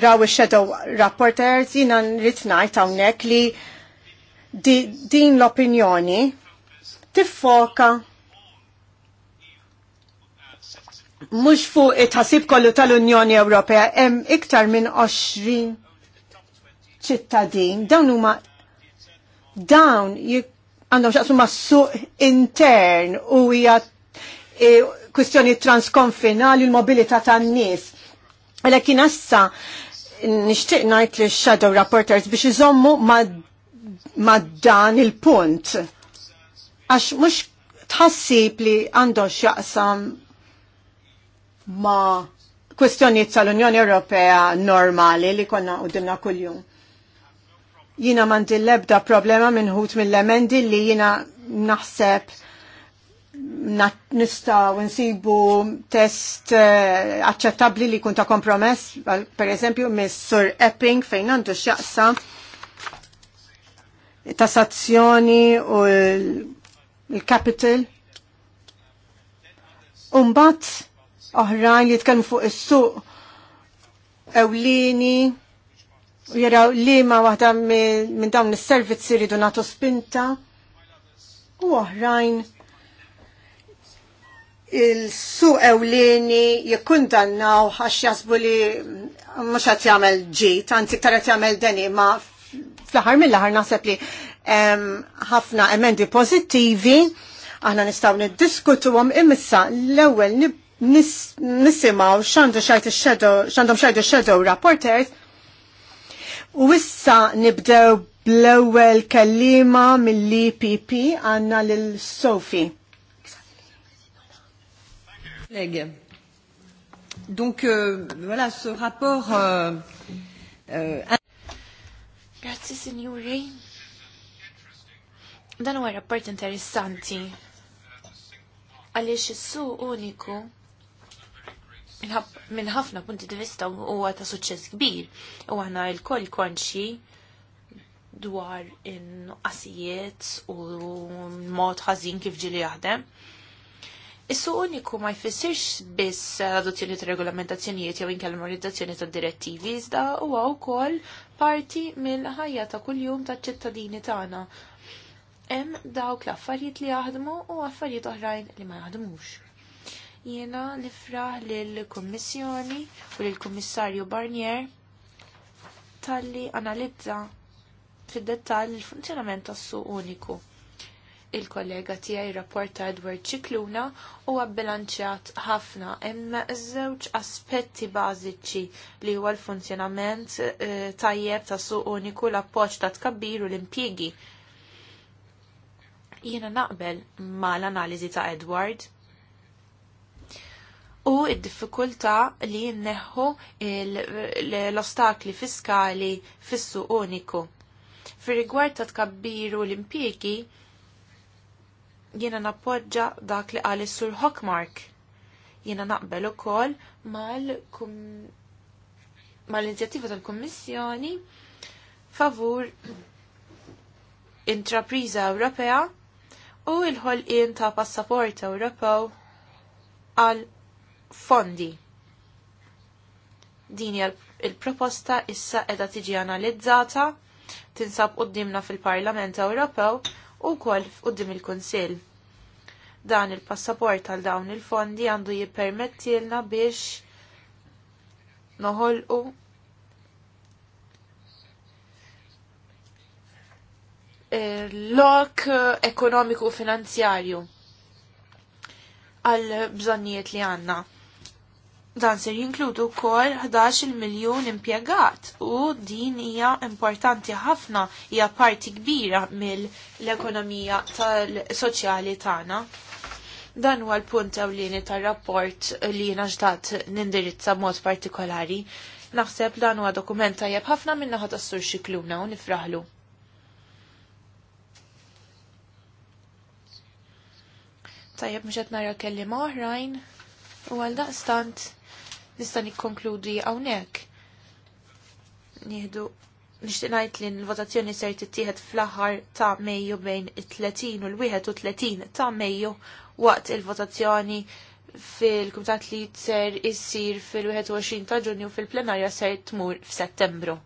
raw il-shadow rapporters jina nritnajt hawnhekk li di, din l-opinjoni tiffoka mhux fuq it-ħasib kollu tal-Unjoni Ewropea hemm iktar minn 20 ċittadin. Dawn huma dawn għandhom xaqsu ma' suq intern u hija e, kwistjoni transkonfinali l-mobilità tan-nies. Għalhekk assa nixtieq ngħid li shadow rapporters biex iżommu ma' dan il-punt. Għax mhux tħassib li għandhom x'jaqsam ma kwestjoniet tal-Unjoni Ewropea normali li konna u dimna kull-jum. Jina mandi l-ebda problema minnħut mill-emendi li jina naħseb u nsibu test uh, eh, accettabli li kunta ta' kompromess, per eżempju, mis Sur Epping fejn għandu xaqsa tassazzjoni u l-capital. Umbat, oħrajn li jitkellmu fuq is-suq ewlieni u jaraw li ma waħda minn dawn is-servizzi iridu nagħtu spinta u oħrajn il-suq ewlieni jikkundannaw għax jasbu li mhux qed jagħmel ġid, anzi tara qed jagħmel deni, ma fl-aħħar mill-aħħar naħseb li ħafna emendi pożittivi aħna nistgħu niddiskutuhom imissa l-ewwel nib nisimaw xandu il shadow, xajt il shadow rapporters. U issa nibdew bl kellima mill-IPP għandna lil Sofi. Donc euh, voilà ce rapport euh, euh, Grazie signori. Dan huwa rapport interessanti Għalix is su uniku minn ħafna punti di vista huwa ta' suċċess kbir u aħna il koll konxi dwar in-nuqqasijiet u mod ħażin kif ġili jaħdem. Issu uniku ma jfissirx biss l-adozzjoni ta' regolamentazzjonijiet jew inkella l-organizzazzjoni ta' direttivi iżda huwa wkoll parti mill-ħajja ta' kuljum ta' ċittadini tagħna. Hemm dawk l-affarijiet li jaħdmu u affarijiet oħrajn li ma jaħdmux. Jiena nifraħ lill-Kummissjoni u lill-Kummissarju Barnier talli analizza fid-dettall il-funzjonament tas-suq uniku. Il-kollega tiegħi rapporta Edward Cikluna u bilanċjat ħafna imma żewġ aspetti bażiċi li huwa l-funzjonament eh, tajjeb tas-suq uniku l-appoġġ ta' tkabbir u l-impjiegi. Jiena naqbel ma l-analiżi ta' Edward u id-diffikultà li jinneħħu l-ostakli fiskali fissu uniku. Fir-rigward ta' tkabbiru l-impjiegi, jiena nappoġġa dak li qal sur Hockmark. Jiena naqbel ukoll mal-inizjattiva tal-Kummissjoni favur intrapriża Ewropea u l-ħolqien ta' passaport Ewropew għal fondi. Dini il-proposta issa edha tiġi analizzata, tinsab qoddimna fil-Parlament Ewropew u kol qoddim il-Kunsill. Dan il-passaport għal dawn il-fondi għandu jippermettilna biex noħolqu lok ekonomiku finanzjarju għal bżonnijiet li għanna dan ser jinkludu kol 11 miljon impiegat u din hija importanti ħafna hija parti kbira mill-ekonomija tal-soċjali tagħna. Dan huwa l-punt ewlieni tar-rapport li jiena ġdat nindirizza mod partikolari. Naħseb dan huwa dokument tajjeb ħafna minn ħadd assur xikluna u nifraħlu. Tajjeb mhux qed nara kelliema oħrajn u għal daqstant Nista' nikkonkludi hawnhekk. Nieħdu nixtieq ngħid li l-votazzjoni ser tittieħed fl-aħħar ta' Mejju bejn it-30 u l-31 ta' Mejju waqt il-votazzjoni fil-Kumitat li ser issir fil-21 ta' Ġunju fil-plenarja ser tmur f'Settembru.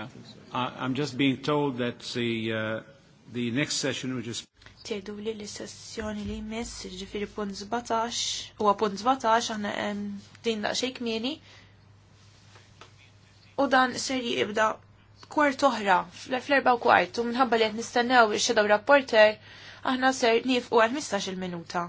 Yeah. I'm just being told that the, uh, the next session which is Tiedu li l-sessjoni li jmiss, ġifiri punt 17, u punt 17, għanna din daqxej kmieni, u dan ser jibda kwart oħra, fl-erba u kwart, u minħabba li għet nistennew il-xedaw rapporter, aħna ser nif u għal 15 minuta.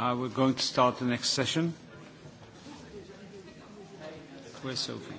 Uh, we're going to start the next session. Where's Sophie?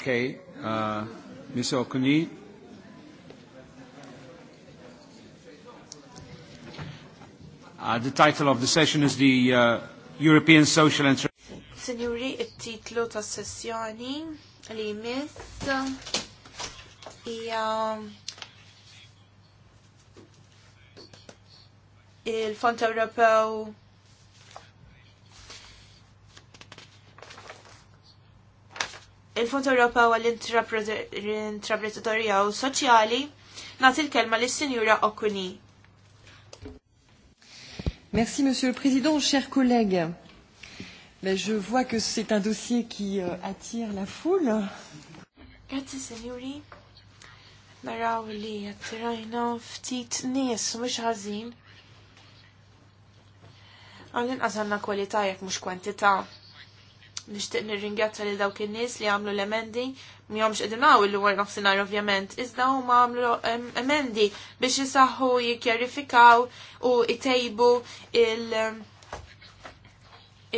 Okay, uh, Ms. O'Connor. Uh, the title of the session is the uh, European Social and... Signori, il-titlu ta' sessjoni li jmiss hija il-Fond Ewropew il-Fond Ewropa għall intrapretatorja u soċjali nagħti l-kelma lis sinjura Okuni. Merci monsieur le président, chers collègues. Ben, je vois que c'est un dossier qui euh, attire la foule. Grazie signori. Naraw li attirajna ftit nies mhux ħażin. Għallin qas kwalità jekk mhux kwantità nishtiq nirringjazza li dawk in-nies li għamlu l-emendi mihomx qegħdin għaw illi wara nofsinhar ovvjament, iżda huma għamlu emendi biex jisaħħu jikkjarifikaw u jtejbu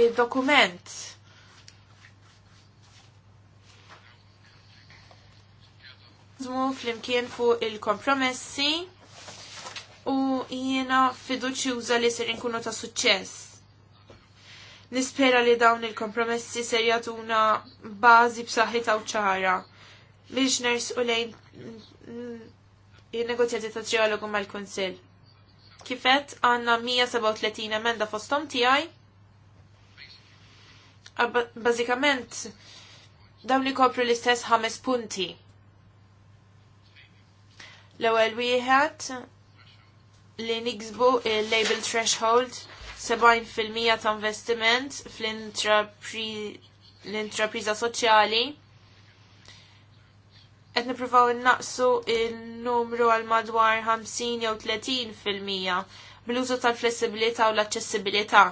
il-dokument. Zmu flimkien fuq il-kompromessi u jiena fiduċjuża li ser inkunu ta' suċċess Nispera li dawn il-kompromessi ser jagħtuna bażi b'saħħitha u ċara biex u lejn mm, il-negozjati ta' trialogu mal-Kunsill. Kifet għanna 137 emenda fostom tiegħi. Bażikament dawn ikopru l-istess ħames punti. L-ewwel wieħed li niksbu il-label threshold 70% ta' investiment fl-intrapriza soċjali. Qed nippruvaw innaqsu il-numru għal madwar 50 jew 30 fil-mija bl-użu tal-flessibilità u l-aċċessibilità.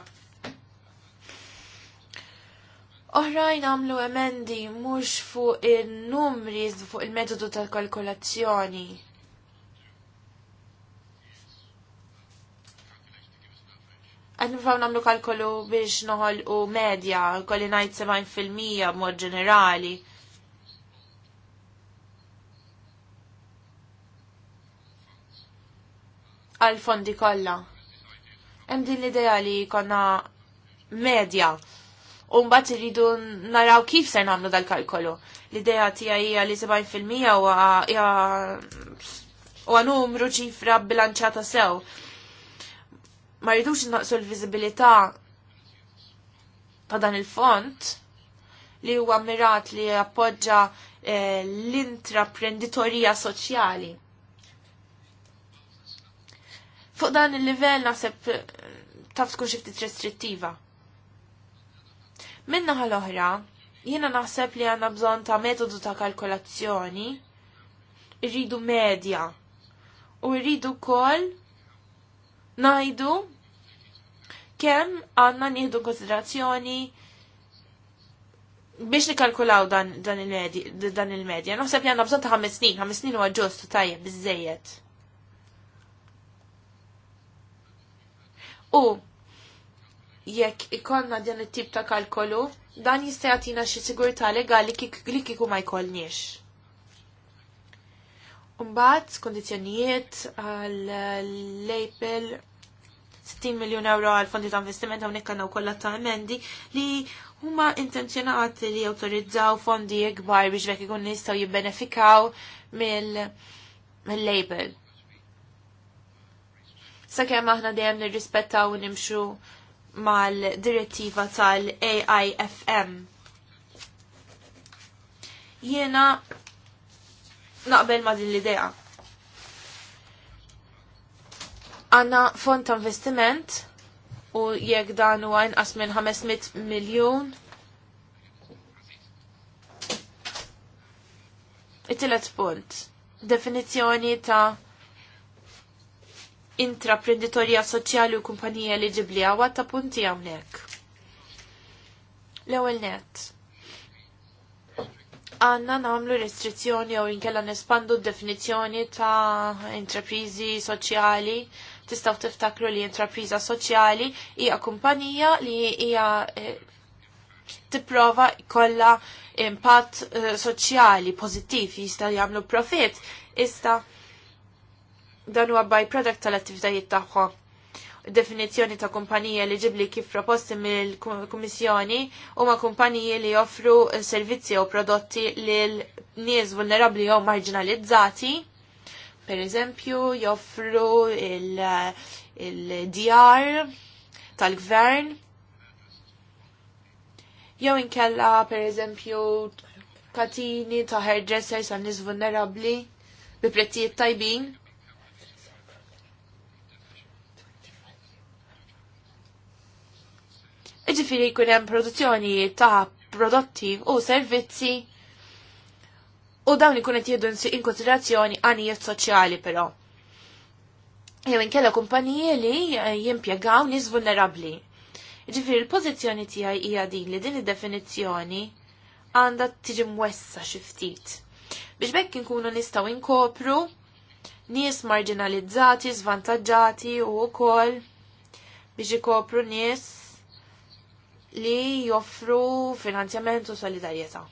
Oħrajn għamlu emendi mhux fuq il-numri fuq il-metodu tal-kalkolazzjoni Għad nifaw namlu kalkolu biex noħol u medja, kolli najt 70% mod ġenerali. Għal fondi kolla. Hemm din l-idea li konna medja. U mbagħad iridu naraw kif se nagħmlu dal-kalkolu. L-idea tiegħi hija li 70% huwa huwa numru ċifra bilanċata sew ma rridux naqsu l-viżibilità ta' dan il-font li huwa mirat li appoġġa eh, l-intraprenditorija soċjali. Fuq dan il-livell naħseb eh, taf tkun xi ftit restrittiva. Minna ħal-oħra, jiena naħseb li għandna bżonn ta' metodu ta' kalkolazzjoni, irridu medja u rridu wkoll najdu kem għanna nieħdu konsiderazzjoni biex nikalkulaw dan, dan il-medja. Naħseb li għanna bżon ta' 5 snin, 5 snin huwa ġustu tajjeb bizzejet. U jekk ikonna dan it-tip ta' kalkolu, dan jista' jagħtina xi sigurtà legali li kieku ma jkollniex. Umbagħad kondizzjonijiet għal label 60 miljon euro għal fondi ta' investiment hawnhekk għandna kolla ta' emendi li huma intenzjonati li autorizzaw fondi ikbar biex bekk ikun nistaw jibbenefikaw mill-label. Sakemm aħna dejjem nirrispettaw u nimxu mal-direttiva tal-AIFM. Jiena naqbel ma' din l-idea Għanna fond ta' investiment u jekk dan huwa inqas minn 500 miljun. It-tielet punt. Definizzjoni ta' intraprenditorja soċjali u kumpanija li ġibli għawa ta' punti għawnek. L-ewel net. Għanna namlu restrizzjoni u inkella nespandu definizjoni ta' intraprizi soċjali tistaw tiftakru li intrapriza soċjali hija kumpanija li hija eh, tipprova kollha impatt eh, soċjali pożittiv jista' jagħmlu profit issa dan huwa byproduct tal-attivitajiet tagħhom. Definizzjoni ta' kumpanija li ġibli kif proposti mill-Kummissjoni huma kumpaniji li joffru eh, servizzi u prodotti lil nies vulnerabbli jew marginalizzati Per eżempju, joffru il-djar il tal-gvern. Jew inkella, per eżempju, katini ta' hairdressers għal nies vulnerabbli bi prezzijiet tajbin. Iġifiri jkun hemm produzzjoni ta' prodotti u servizzi U dawn ikun qed jieħdu in konsiderazzjoni għanijiet soċjali però. Jew inkella kumpaniji li eh, jimpjegaw nies vulnerabbli. Ġifir l-pożizzjoni tiegħi hija din li din id-definizzjoni għandha tiġi mwessa xi ftit. Biex bekk nkunu nistgħu inkopru nies marginalizzati, svantagġati u wkoll biex ikopru nies li joffru finanzjament u solidarjetà.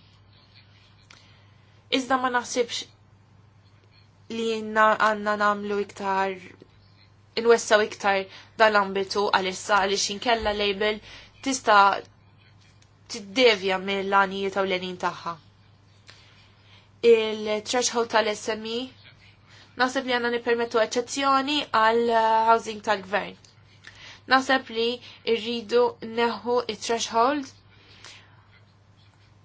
Iżda ma naħsibx li jenna għanna namlu iktar inwessaw iktar dal-ambitu għalissa għalix jinkella label tista tiddevja mill-għanijiet u l-enin taħħa. Il-threshold tal-SME naħseb li għanna nipermetu eccezzjoni għal-housing tal-gvern. Naħseb li irridu neħu il-threshold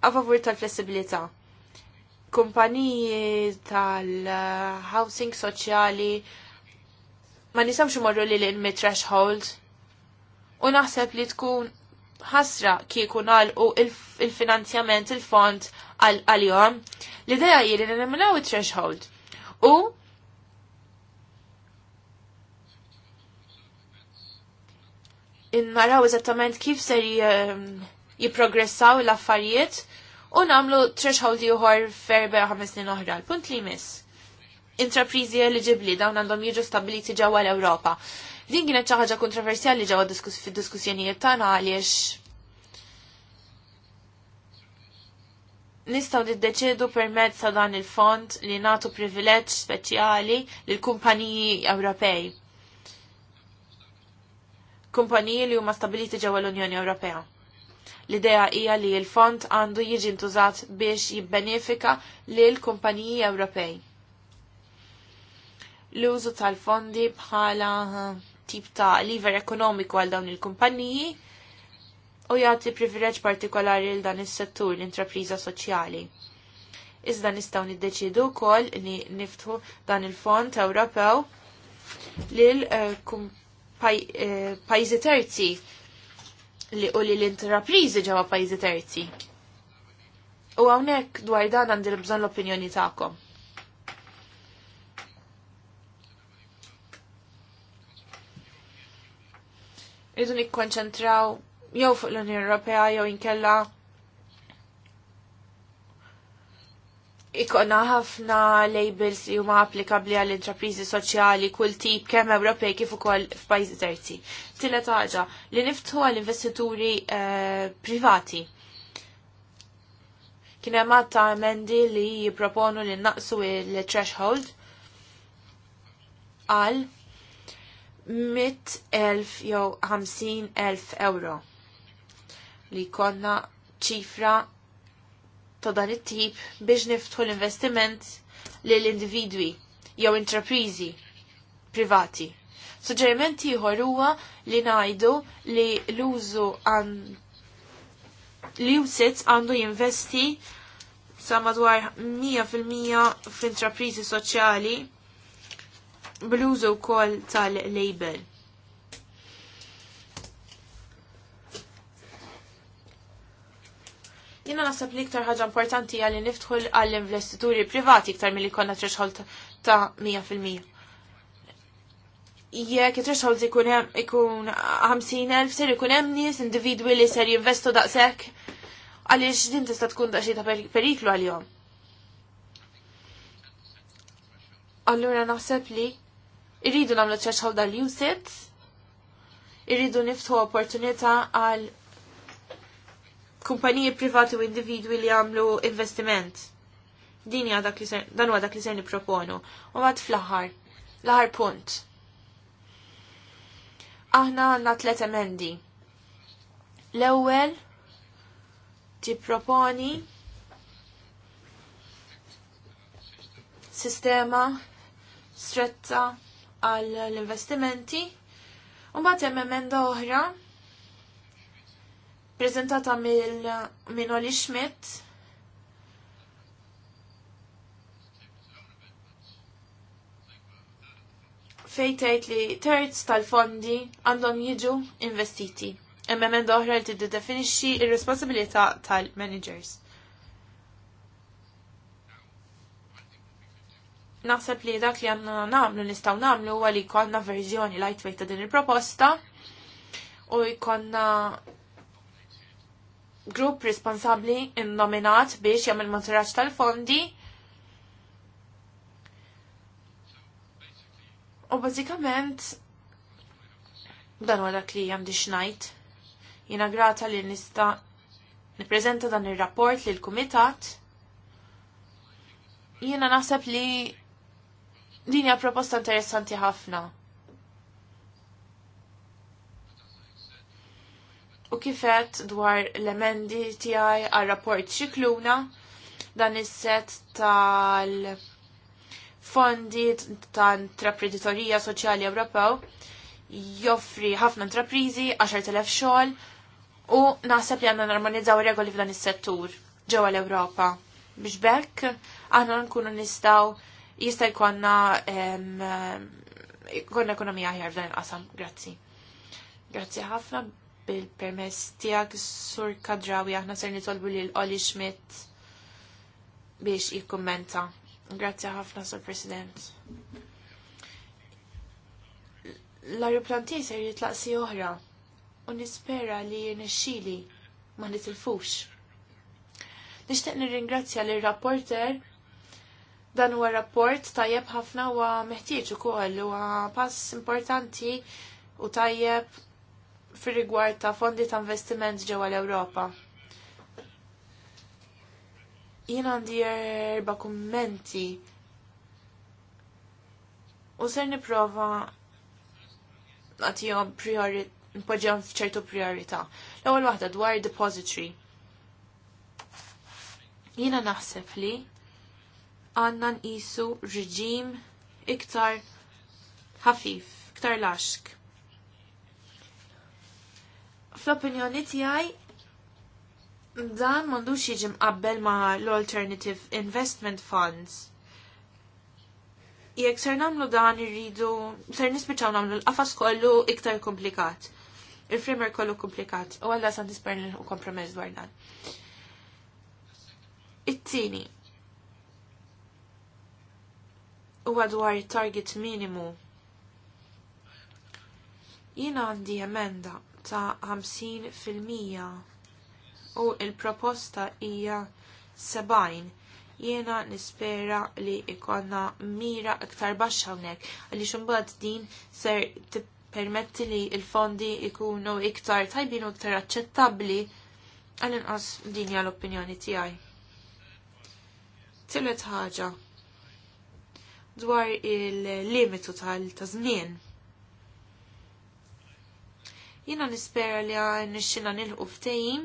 a favur tal-flessibilita' kumpaniji tal-housing soċjali ma nisamxu morru li l-inmi threshold u naħseb li tkun ħasra kieku nalqu il-finanzjament il il-fond għal-jom li d-daja jiri n-nimlaw il-threshold u naraw eżattament kif ser jiprogressaw l-affarijiet u namlu threshold ieħor ferbe ħames snin oħra. Punt li miss. Intraprizi eligibli dawn għandhom jiġu stabiliti ġewwa l-Ewropa. Din kienet xi ħaġa kontroversjali ġewwa fid-diskussjonijiet tagħna għaliex Nistgħu niddeċiedu permezz ta' dan il-fond li nagħtu privileġġ speċjali lil kumpaniji Ewropej. Kumpaniji li huma stabiliti ġewwa l-Unjoni Ewropea. L-idea hija li l-fond għandu jiġi ntużat biex jibbenefika lil kumpaniji Ewropej. L-użu tal-fondi bħala tip ta' liver ekonomiku għal dawn il-kumpaniji u jagħti privileġġ partikolari l dan is-settur l-intrapriża soċjali. Iżda nistgħu niddeċidu wkoll li niftħu dan il-fond Ewropew lil eh, eh, pajjiżi terzi li u li l-intraprizi ġewwa pajjiżi terzi. U hawnhekk dwar dan għandir bżonn l-opinjoni tagħkom. Idu nikkonċentraw jew fuq l-Unjoni Ewropea jew inkella ikonna ħafna labels li huma applikabli għall intrapriżi soċjali kull tip kemm Ewropej kif ukoll f'pajjiżi terzi. Tielet ħaġa li niftħu għall investituri eh, privati. Kien hemm ta' emendi li jipproponu li naqsu il-threshold għal 100,000 jew 50,000 euro li konna ċifra ta' dan it-tip biex niftħu l-investiment lill individwi jew intraprizi privati. Suġġerimenti ieħor huwa li ngħidu li l-użu għan li usits għandu jinvesti sa madwar 100% f'intraprizi soċjali bl-użu wkoll tal-label. Jina nasab li iktar ħaġa importanti għalli niftħu għall-investituri privati iktar mill-li konna threshold ta' 100%. Jek threshold ikun ikun 50.000 ser ikun hemm nies individwi li ser jinvestu daqshekk għaliex din tista' tkun daqsxejn ta' periklu għalihom. Allura naħseb li irridu nagħmlu threshold għal usit irridu niftħu opportunità għal kumpaniji privati u individwi li għamlu investiment. Din għadak li sen, dan huwa dak li ser niproponu. U għad fl-aħħar, l-aħħar punt. Aħna għandna tlet emendi. L-ewwel tipproponi sistema stretta għall investimenti u mbagħad hemm emenda oħra prezentata mill minn Oli Schmidt. Fejtajt li terz tal-fondi għandhom jiġu investiti. Emmemen doħra li tiddefinixxi ir-responsabilità tal-managers. Naħseb li dak li għanna namlu nistaw namlu għalli li konna verżjoni lightweight ta' din il-proposta u jkonna grupp responsabli innominat biex jagħmel monitoraġġ tal-fondi. U bażikament dan wara li għandi xnajt. Jiena grata li nista' nippreżenta dan ir-rapport lil kumitat. Jiena naħseb li din hija proposta interessanti ħafna. u kifet dwar l-emendi tiegħi għal rapport xikluna dan is-set tal fondi ta' intraprenditorija soċjali Ewropew joffri ħafna intraprizi, 10.000 xogħol u naħseb li għandna normalizzaw regoli f'dan is-settur ġewwa l-Ewropa. Biex bekk aħna nkunu nistgħu jista' jkollna jkollna ekonomija aħjar f'dan il-qasam. Grazzi. Grazzi ħafna bil-permess tijak sur kadrawi aħna ser nitolbu li l-Oli Schmidt biex jikkommenta. Grazie ħafna, Sur President. L-aeroplan ser jitlaqsi oħra u nispera li jirnexxili ma nitilfux. Nixtieq nirringrazzja lir rapporter dan huwa rapport tajjeb ħafna u meħtieġ ukoll huwa pass importanti u tajjeb fir-rigward ta' fondi ta' investiment ġewwa l-Ewropa. Jien għandi erba' kummenti u ser niprova għatijom priorit, npoġġjom fċertu priorità. L-ewwel waħda dwar depository. Jiena naħseb li għandna nqisu reġim iktar ħafif, iktar laxk. Fl-opinjoni tiegħi dan m'għandux jiġi mqabbel ma' l-Alternative Investment Funds. Jekk ser nagħmlu dan irridu ser nispiċċaw nagħmlu l-qafas kollu iktar komplikat. Il-framer kollu komplikat. U għalla san disperni u kompromess dwar dan. It-tieni. Huwa dwar target minimu. Jina għandi emenda ta' 50% u il-proposta hija 70 jiena nispera li ikonna mira iktar baxxa hawnhekk għaliex imbagħad din ser tippermetti li l-fondi ikunu iktar tajbin u iktar aċċettabbli għal-inqas din hija l-opinjoni tiegħi. Tillet ħaġa dwar il-limitu tal-tażmien. Ta Jina nispera li għan nixxina nilħu ftejim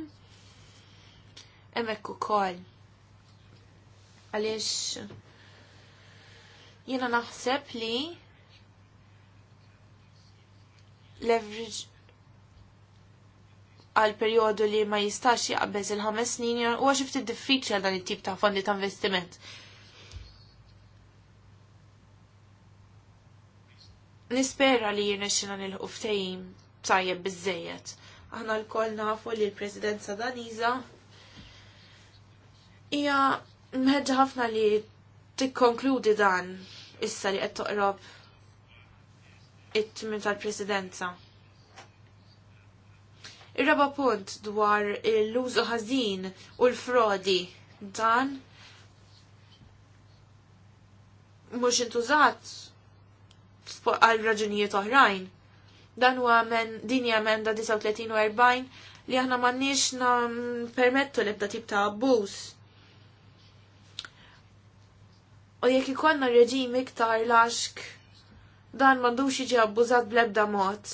emmek u kol. Għalix jina naħseb li leverage għal periodu li ma jistax jaqbeż il-ħames snin u għax ftit diffiċli għal dan it-tip ta' fondi ta' investiment. Nispera li jirnexxina nilħu ftehim tajjeb bizzejet. Aħna l-koll nafu li l-Presidenza Daniża hija mħedġa ħafna li tikkonkludi dan issa li qed toqrob it-tmim tal-Presidenza. Ir-raba punt dwar l-użu ħażin u l-frodi dan mhux intużat għal raġunijiet oħrajn. Dan huwa men din hija emenda 39 u 40 li aħna m'għandniex permettu l-ebda tip ta' abbuż. U jekk ikollna reġim iktar laxk, dan m'għandux jiġi abbużat bl-ebda mod.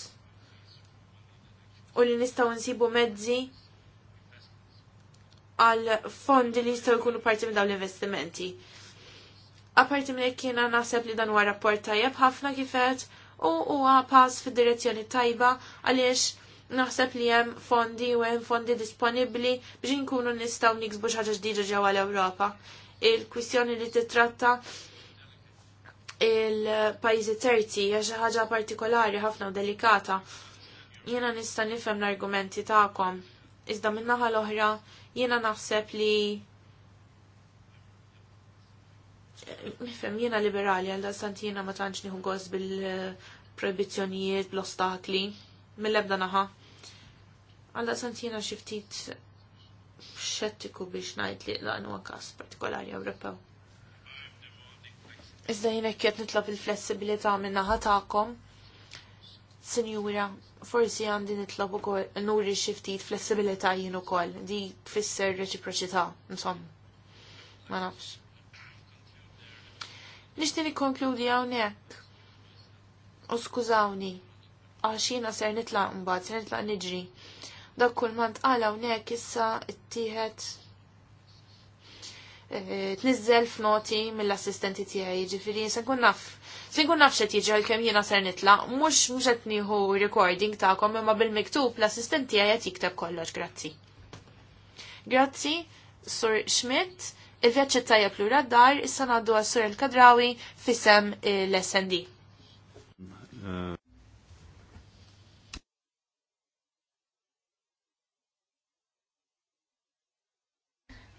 U li nistgħu nsibu mezzi għal fondi li jistgħu jkunu parti minn dawn l-investimenti. Aparti minn jiena naħseb li dan huwa rapport tajjeb ħafna kifet u huwa pass fid-direzzjoni tajba għaliex naħseb li hemm fondi u hemm fondi disponibbli biex inkunu nistgħu niksbu xi ħaġa ġdida ġewwa l-Ewropa. Il-kwistjoni li titratta il-pajjiżi terzi hija xi ħaġa partikolari ħafna u delikata. Jiena nista' nifhem l-argumenti tagħkom. Iżda min-naħa l-oħra jiena naħseb li Mifem, jena liberali għal dastant ma tantx nieħu gost bil-proibizzjonijiet, bl-ostakli, mill-ebda naħa. Għal santina xi xiftit xettiku biex najt li l huwa każ partikolari Ewropew. Iżda jena kiet nitlob il-flessibilità minna ħatakom, Sinjura, forsi għandi nitlob ukoll nuri xiftit flessibilità jien ukoll, di tfisser reċiproċità, insomma. Ma nafx. Nixtieq nikkonkludi hawnhekk. U skużawni, għax jiena ser nitlaq mbagħad, ser nitlaq niġri. Dak kull mant qal hawnhekk issa eh, t-nizzel f-noti mill-assistenti tiegħi, ġifiri, se nkun naf. s nkun naf x'qed jiġi kem jiena ser nitlaq, mhux mhux qed nieħu recording tagħkom imma bil-miktub l assistenti tijaj qed jikteb kollox, grazzi. Grazzi, Sur Schmidt il-vjaċċi tajjeb lura d-dar issa ngħaddu għas-sur il-kadrawi fisem l-SND.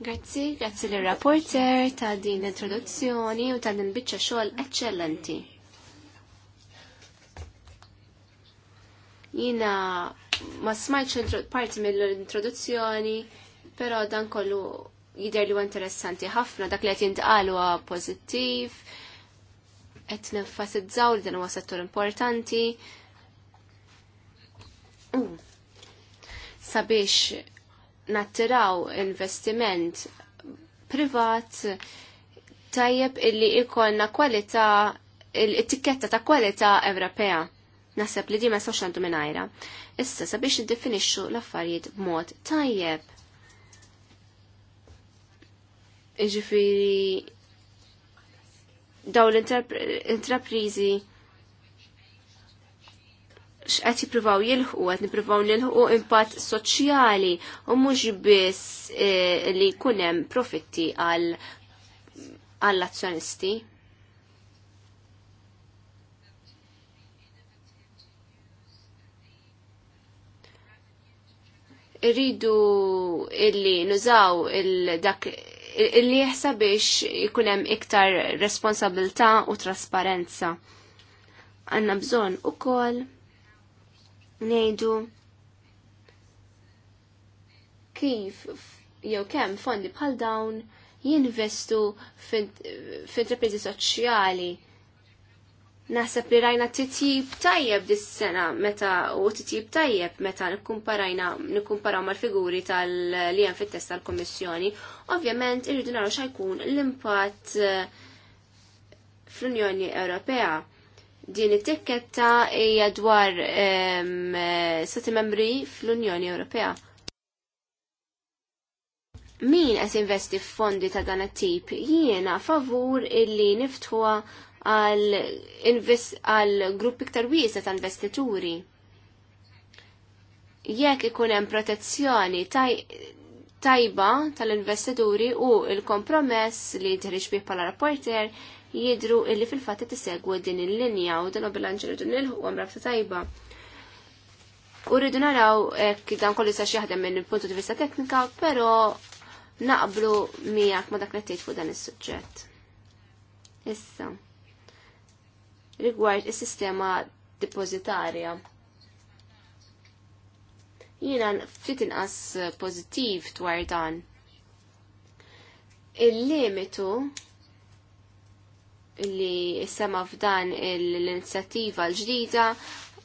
Grazzi, grazzi l-rapporter ta' din l-introduzzjoni u ta' din biċċa xogħol eċċellenti. Jina ma smajtx parti mill-introduzzjoni, però dan kollu jider li huwa interessanti ħafna, dak li qed jintqal huwa pożittiv, qed nenfasizzaw li dan huwa settur importanti. sabiex nattiraw investiment privat tajjeb illi ikonna kwalità il etiketta ta' kwalità Ewropea. Nasab li di ma soċan għandu minajra. Issa sabiex niddefinixxu l-affarijiet b'mod tajjeb iġifiri daw l-intraprizi xqed jippruvaw jilħu, qed nippruvaw nilħu impatt soċjali u mhux biss eh, li jkun hemm profitti għal għall-azzjonisti. Irridu illi nużaw il-dak li jeħseb biex ikun hemm iktar responsabilità u trasparenza. Għandna bżonn ukoll ngħidu kif jew kemm fondi bħal dawn jinvestu fid-reprezi soċjali Naħseb li rajna titjib tajjeb dis-sena meta u titjib tajjeb meta nikkumparajna nikkumparaw mal-figuri tal-li hemm fit-test tal-Kummissjoni. Ovvjament irridu naraw xajkun l-impatt eh, fl-Unjoni Ewropea. Din it-tikketta hija dwar ehm, stati membri fl-Unjoni Ewropea. Min qed investi f'fondi ta' dan it-tip jiena favur illi niftħuha għal gruppi iktar wiesa ta' investituri. Jekk ikun hemm protezzjoni tajba tal-investituri u il-kompromess li tħriġ bih bħala rapporter jidru illi fil-fatt tisegwu din il-linja u dan bilanċ irridu nilħu għam rabta tajba. U rridu naraw hekk eh, dan kollu sa jaħdem minn puntu di vista teknika, però naqblu miegħek ma dak li fuq dan is-suġġett. Issa rigward is-sistema depozitarja. Jiena ftit inqas pożittiv dwar dan. Il-limitu li sema f'dan l-inizjattiva l-ġdida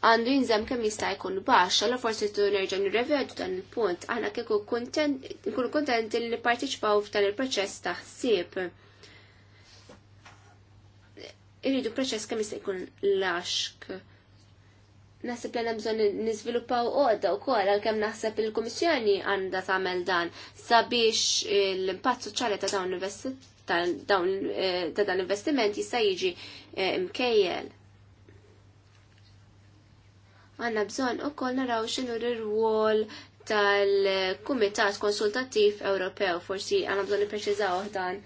għandu jinżem kemm jista' jkun baxx, għal forsi tu nerġa' nirrevedu dan il-punt, aħna kieku nkunu kuntenti li nipparteċipaw f'dan il-proċess ta' ħsieb irridu proċess kemm jista' jkun laxk. Naħseb li bżonn niżviluppaw għodda wkoll għalkemm naħseb il-Kummissjoni għandha tagħmel dan sabiex l-impatt soċjali ta' dawn eh, ta' dan investiment jista' jiġi eh, mkejjel. Għanna bżonn ukoll naraw x'inhu r-rwol tal-Kumitat Konsultattiv Ewropew forsi għandna bżonn nippreċiżaw dan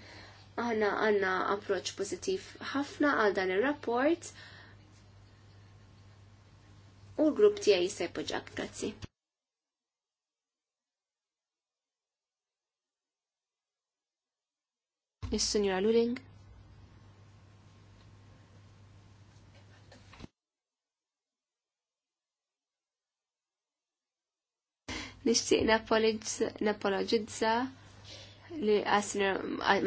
aħna għanna approċ pozittiv ħafna għal dan ir-rapport u l-grupp tiegħi jisaj poġak, grazzi. Is-Sinjura Luling. Nixtieq napologizza li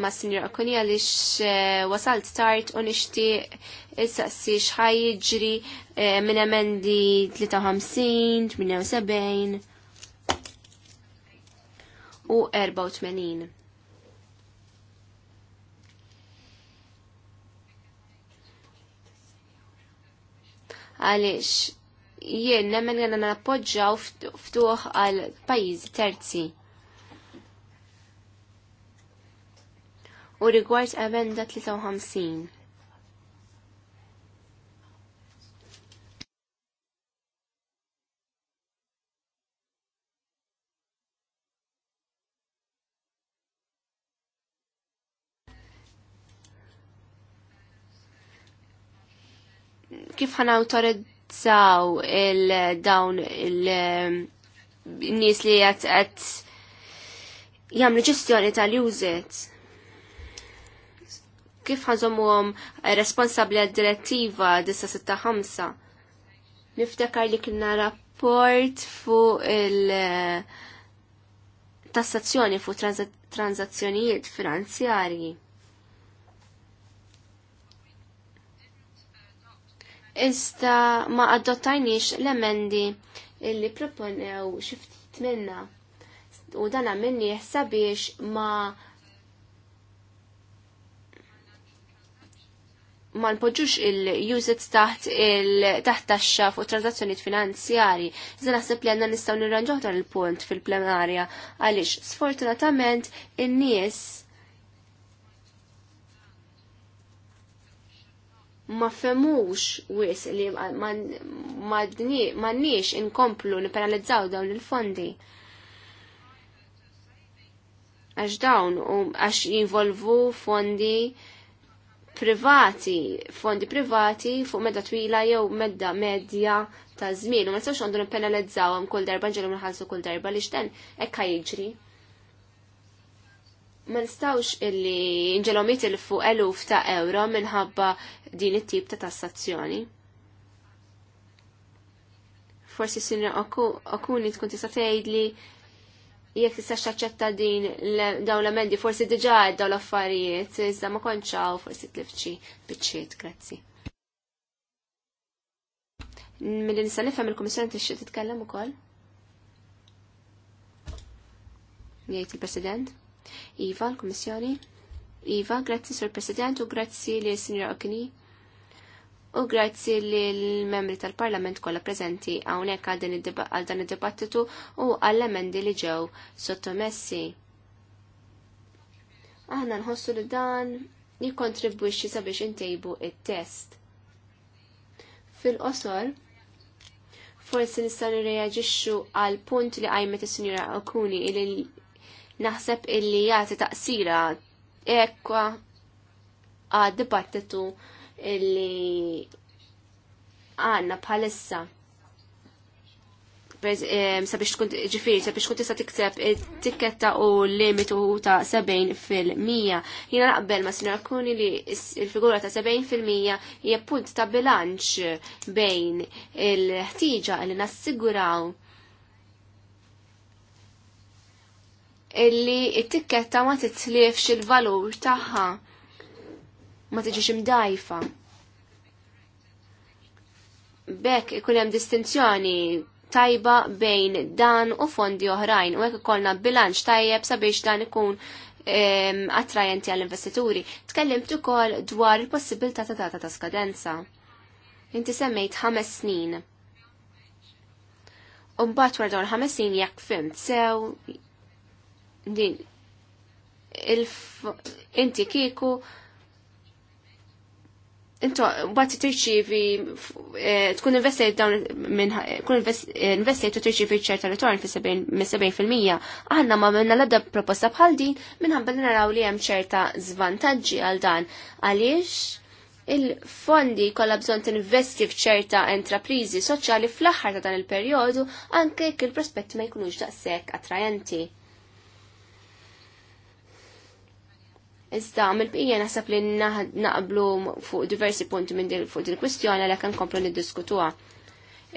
ma' sinjor Okuni għalix eh, wasalt tart u il-saqsi xħaj jiġri eh, minn emendi 53, u 84. Għalix, jien nemmen għanna nappoġġaw ftuħ għal pajiz terzi. u rigward emenda 53. kif ħan autorizzaw il-dawn il-nies li jgħat għat jamlu ġestjoni tal-użet kif ħanżommuhom responsabbli għad-direttiva 965. Niftakar li kienna rapport fuq il- eh, tassazzjoni fuq tranzazzjonijiet finanzjarji. Ista ma adottajniex l-emendi illi proponew xiftit minna u dan minni sabiex ma' ma npoġġux il-usage taħt il-taħt taxxa fuq transazzjonijiet finanzjari. Iżda naħseb li għandna nistgħu nirranġaw dan il-punt fil-plenarja għaliex sfortunatament in-nies ma femux wis li ma nix inkomplu nipenalizzaw dawn il-fondi. Għax dawn, um, għax jinvolvu fondi privati, fondi privati fuq medda twila jew medda medja ta' żmien u ma nistgħux għandu nippenalizzawhom kull darba ġelhom inħallsu kull darba li xten hekk jiġri. Ma nistgħux illi nġelhom jitilfu eluf ta' euro minħabba din it-tip ta' tassazzjoni. Forsi sinra okuni tkun tista' tgħidli jekk tistax taċċetta din dawn l-emendi forsi diġà dawn l-affarijiet, iżda ma konċaw forsi t-lifċi biċċiet, grazzi. Mill nista' nifhem il-Kummissjoni tixtieq titkellem ukoll? Jgħid il-President. Iva, l-Kummissjoni. Iva, grazzi sur President u grazzi li sinjor Okini u grazzi li l-membri tal-Parlament kollha preżenti hawnhekk għal dan id-dibattitu u għall-emendi li ġew sottomessi. Aħna nħossu li dan jikkontribwixxi sabiex intejbu il test Fil-qosor, forsi nistgħu nirreaġixxu għal punt li għajmet is-Sinjura Okuni li naħseb illi jagħti taqsira ekwa għad dibattitu illi għanna palissa sabiex tkun ġifiri, sabiex tkun tista' tikseb tikketta u limitu ta' 70 fil-mija. Jiena naqbel ma' Sinjor Kuni li il-figura ta' 70 fil-mija hija punt ta' bilanċ bejn il-ħtiġa li nassiguraw illi t tikketta ma titlifx il-valur tagħha ma tiġix imdajfa. Bekk ikun hemm distinzjoni tajba bejn dan u fondi oħrajn u hekk ikollna bilanċ tajjeb sabiex dan ikun attrajenti għall-investituri. Tkellimt ukoll dwar il-possibilità ta' data ta' skadenza. Inti semmejt ħames snin. Umbat wara dawn ħames snin jekk fimt sew din inti kieku Intu, bat t-tirċivi, eh, tkun investejt dawn minn, tkun investejt eh, u tirċivi ċerta ritorn fi 70%. Għanna ma minna l-adda proposta bħal din, minnħabba li naraw li hemm ċerta zvantagġi għal dan. Għaliex il-fondi kolla bżon t-investi f'ċerta entreprizi soċjali fl-axħar ta' dan il-periodu, anke jekk il-prospetti ma jkunux daqshekk attrajenti. Iżda, mill-bqija naħseb li naqblu fuq diversi punti minn fuq din kwistjoni għalhekk inkomplu niddiskutuha.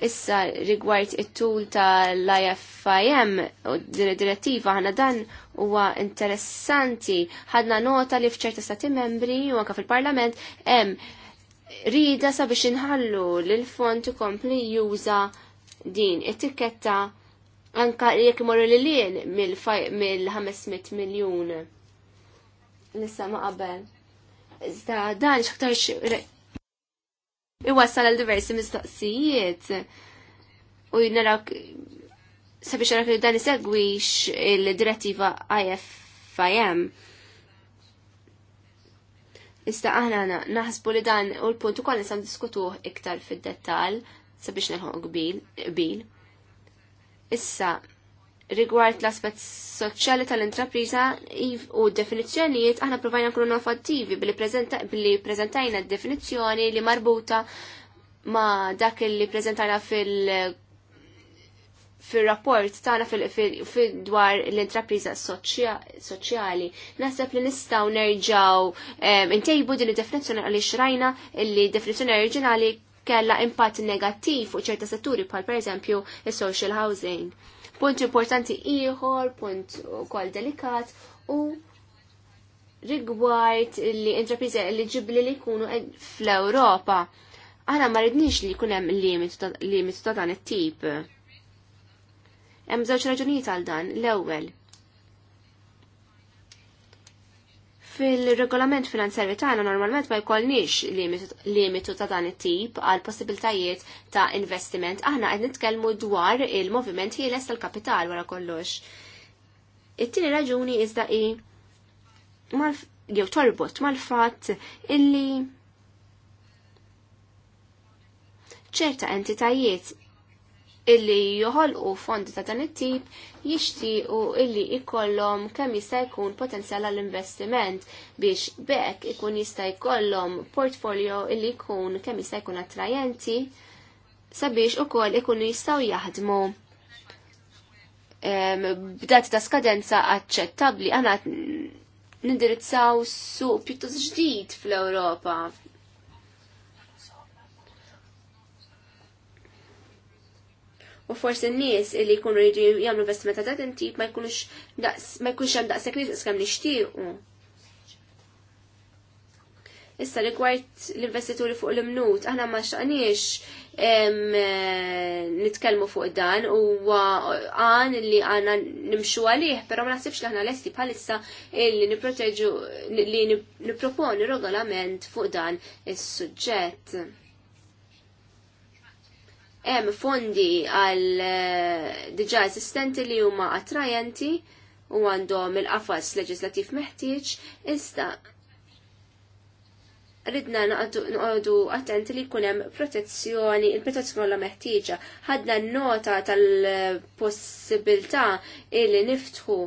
Issa rigward it-tul tal-IFIM u direttiva ħana dan huwa interessanti. Ħadna nota li f'ċerta stati membri u anke fil-Parlament hemm rida sabiex inħallu lil font ikompli juża din it-tikketta anka jekk imorru lien mill-500 miljun lissa ma' qabel. Iżda dan xaktarx iwassal għal diversi mistoqsijiet u narak sabiex narak li dan isegwix il-direttiva IFIM. Iżda aħna naħsbu li dan u l-punt ukoll nisam diskutuh iktar fid-dettall sabiex nilħu qbil. Issa, rigward l-aspet soċjali tal-intrapriża u definizzjonijiet aħna provajna nkunu nofattivi billi preżentajna definizzjoni li marbuta ma dak li preżentajna fil- fil-rapport tagħna fil-dwar l-intrapriża soċjali. Naħseb li nistgħu nerġgħu eh, intejbu din id-definizzjoni għaliex rajna li definizzjoni oriġinali kella impatt negattiv fuq ċerta setturi bħal pereżempju is-social housing Punt importanti ieħor, punt ukoll delikat u rigward li intrapriżi eligibli li jkunu fl-Ewropa. Aħna ma rridniex li jkun hemm limitu ta' dan it-tip. Hemm żewġ raġunijiet għal dan. L-ewwel, Fil-regolament finanzjarju tagħna normalment ma jkollniex limitu ta' dan it-tip għal possibiltajiet ta' investiment. Aħna qed nitkellmu dwar il-moviment ħieles tal-kapital wara kollox. It-tieni raġuni iżda i jew torbot mal-fatt illi ċerta entitajiet illi joħolqu fondi ta' dan it-tip jixtiequ illi jkollhom kemm jista' jkun potenzjal għall investiment biex bekk ikun jista' jkollhom portfolio illi jkun kemm jista' jkun attrajenti sabiex ukoll ikunu jistgħu jaħdmu b'dat ta' skadenza aċċettabbli għana nindirizzaw suq pjuttost ġdid fl-Ewropa u forsi n-nies li jkunu jridu jagħmlu vestiment ta' dan tip ma jkunux ma jkunx hemm daqshekk nisqas kemm nixtiequ. Issa rigward l-investituri fuq l-imnut, aħna ma xaqniex nitkellmu fuq dan u għan li għana nimxu għalih, pero ma naħsibx li aħna lesti bħalissa li niproteġu li niproponi regolament fuq dan is-suġġett hemm fondi għal eh, diġà esistenti li huma attrajenti u għandhom il-qafas leġislattiv meħtieġ, iżda ridna naqdu attenti li jkun hemm protezzjoni, il-protezzjoni kollha meħtieġa. Ħadna nota tal-possibilità li niftħu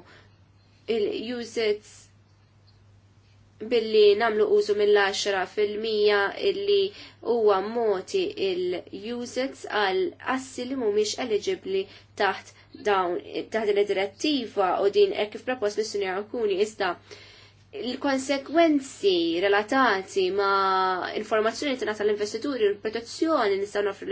il-usage billi namlu użu mill-10 fil-mija illi huwa moti il-usets għal assi li mhumiex eligibli taħt dawn taħt il-direttiva u din hekk kif propost mis-sunja kuni iżda il-konsekwenzi relatati ma informazzjoni tina tal-investituri, il-protezzjoni nistaw nofru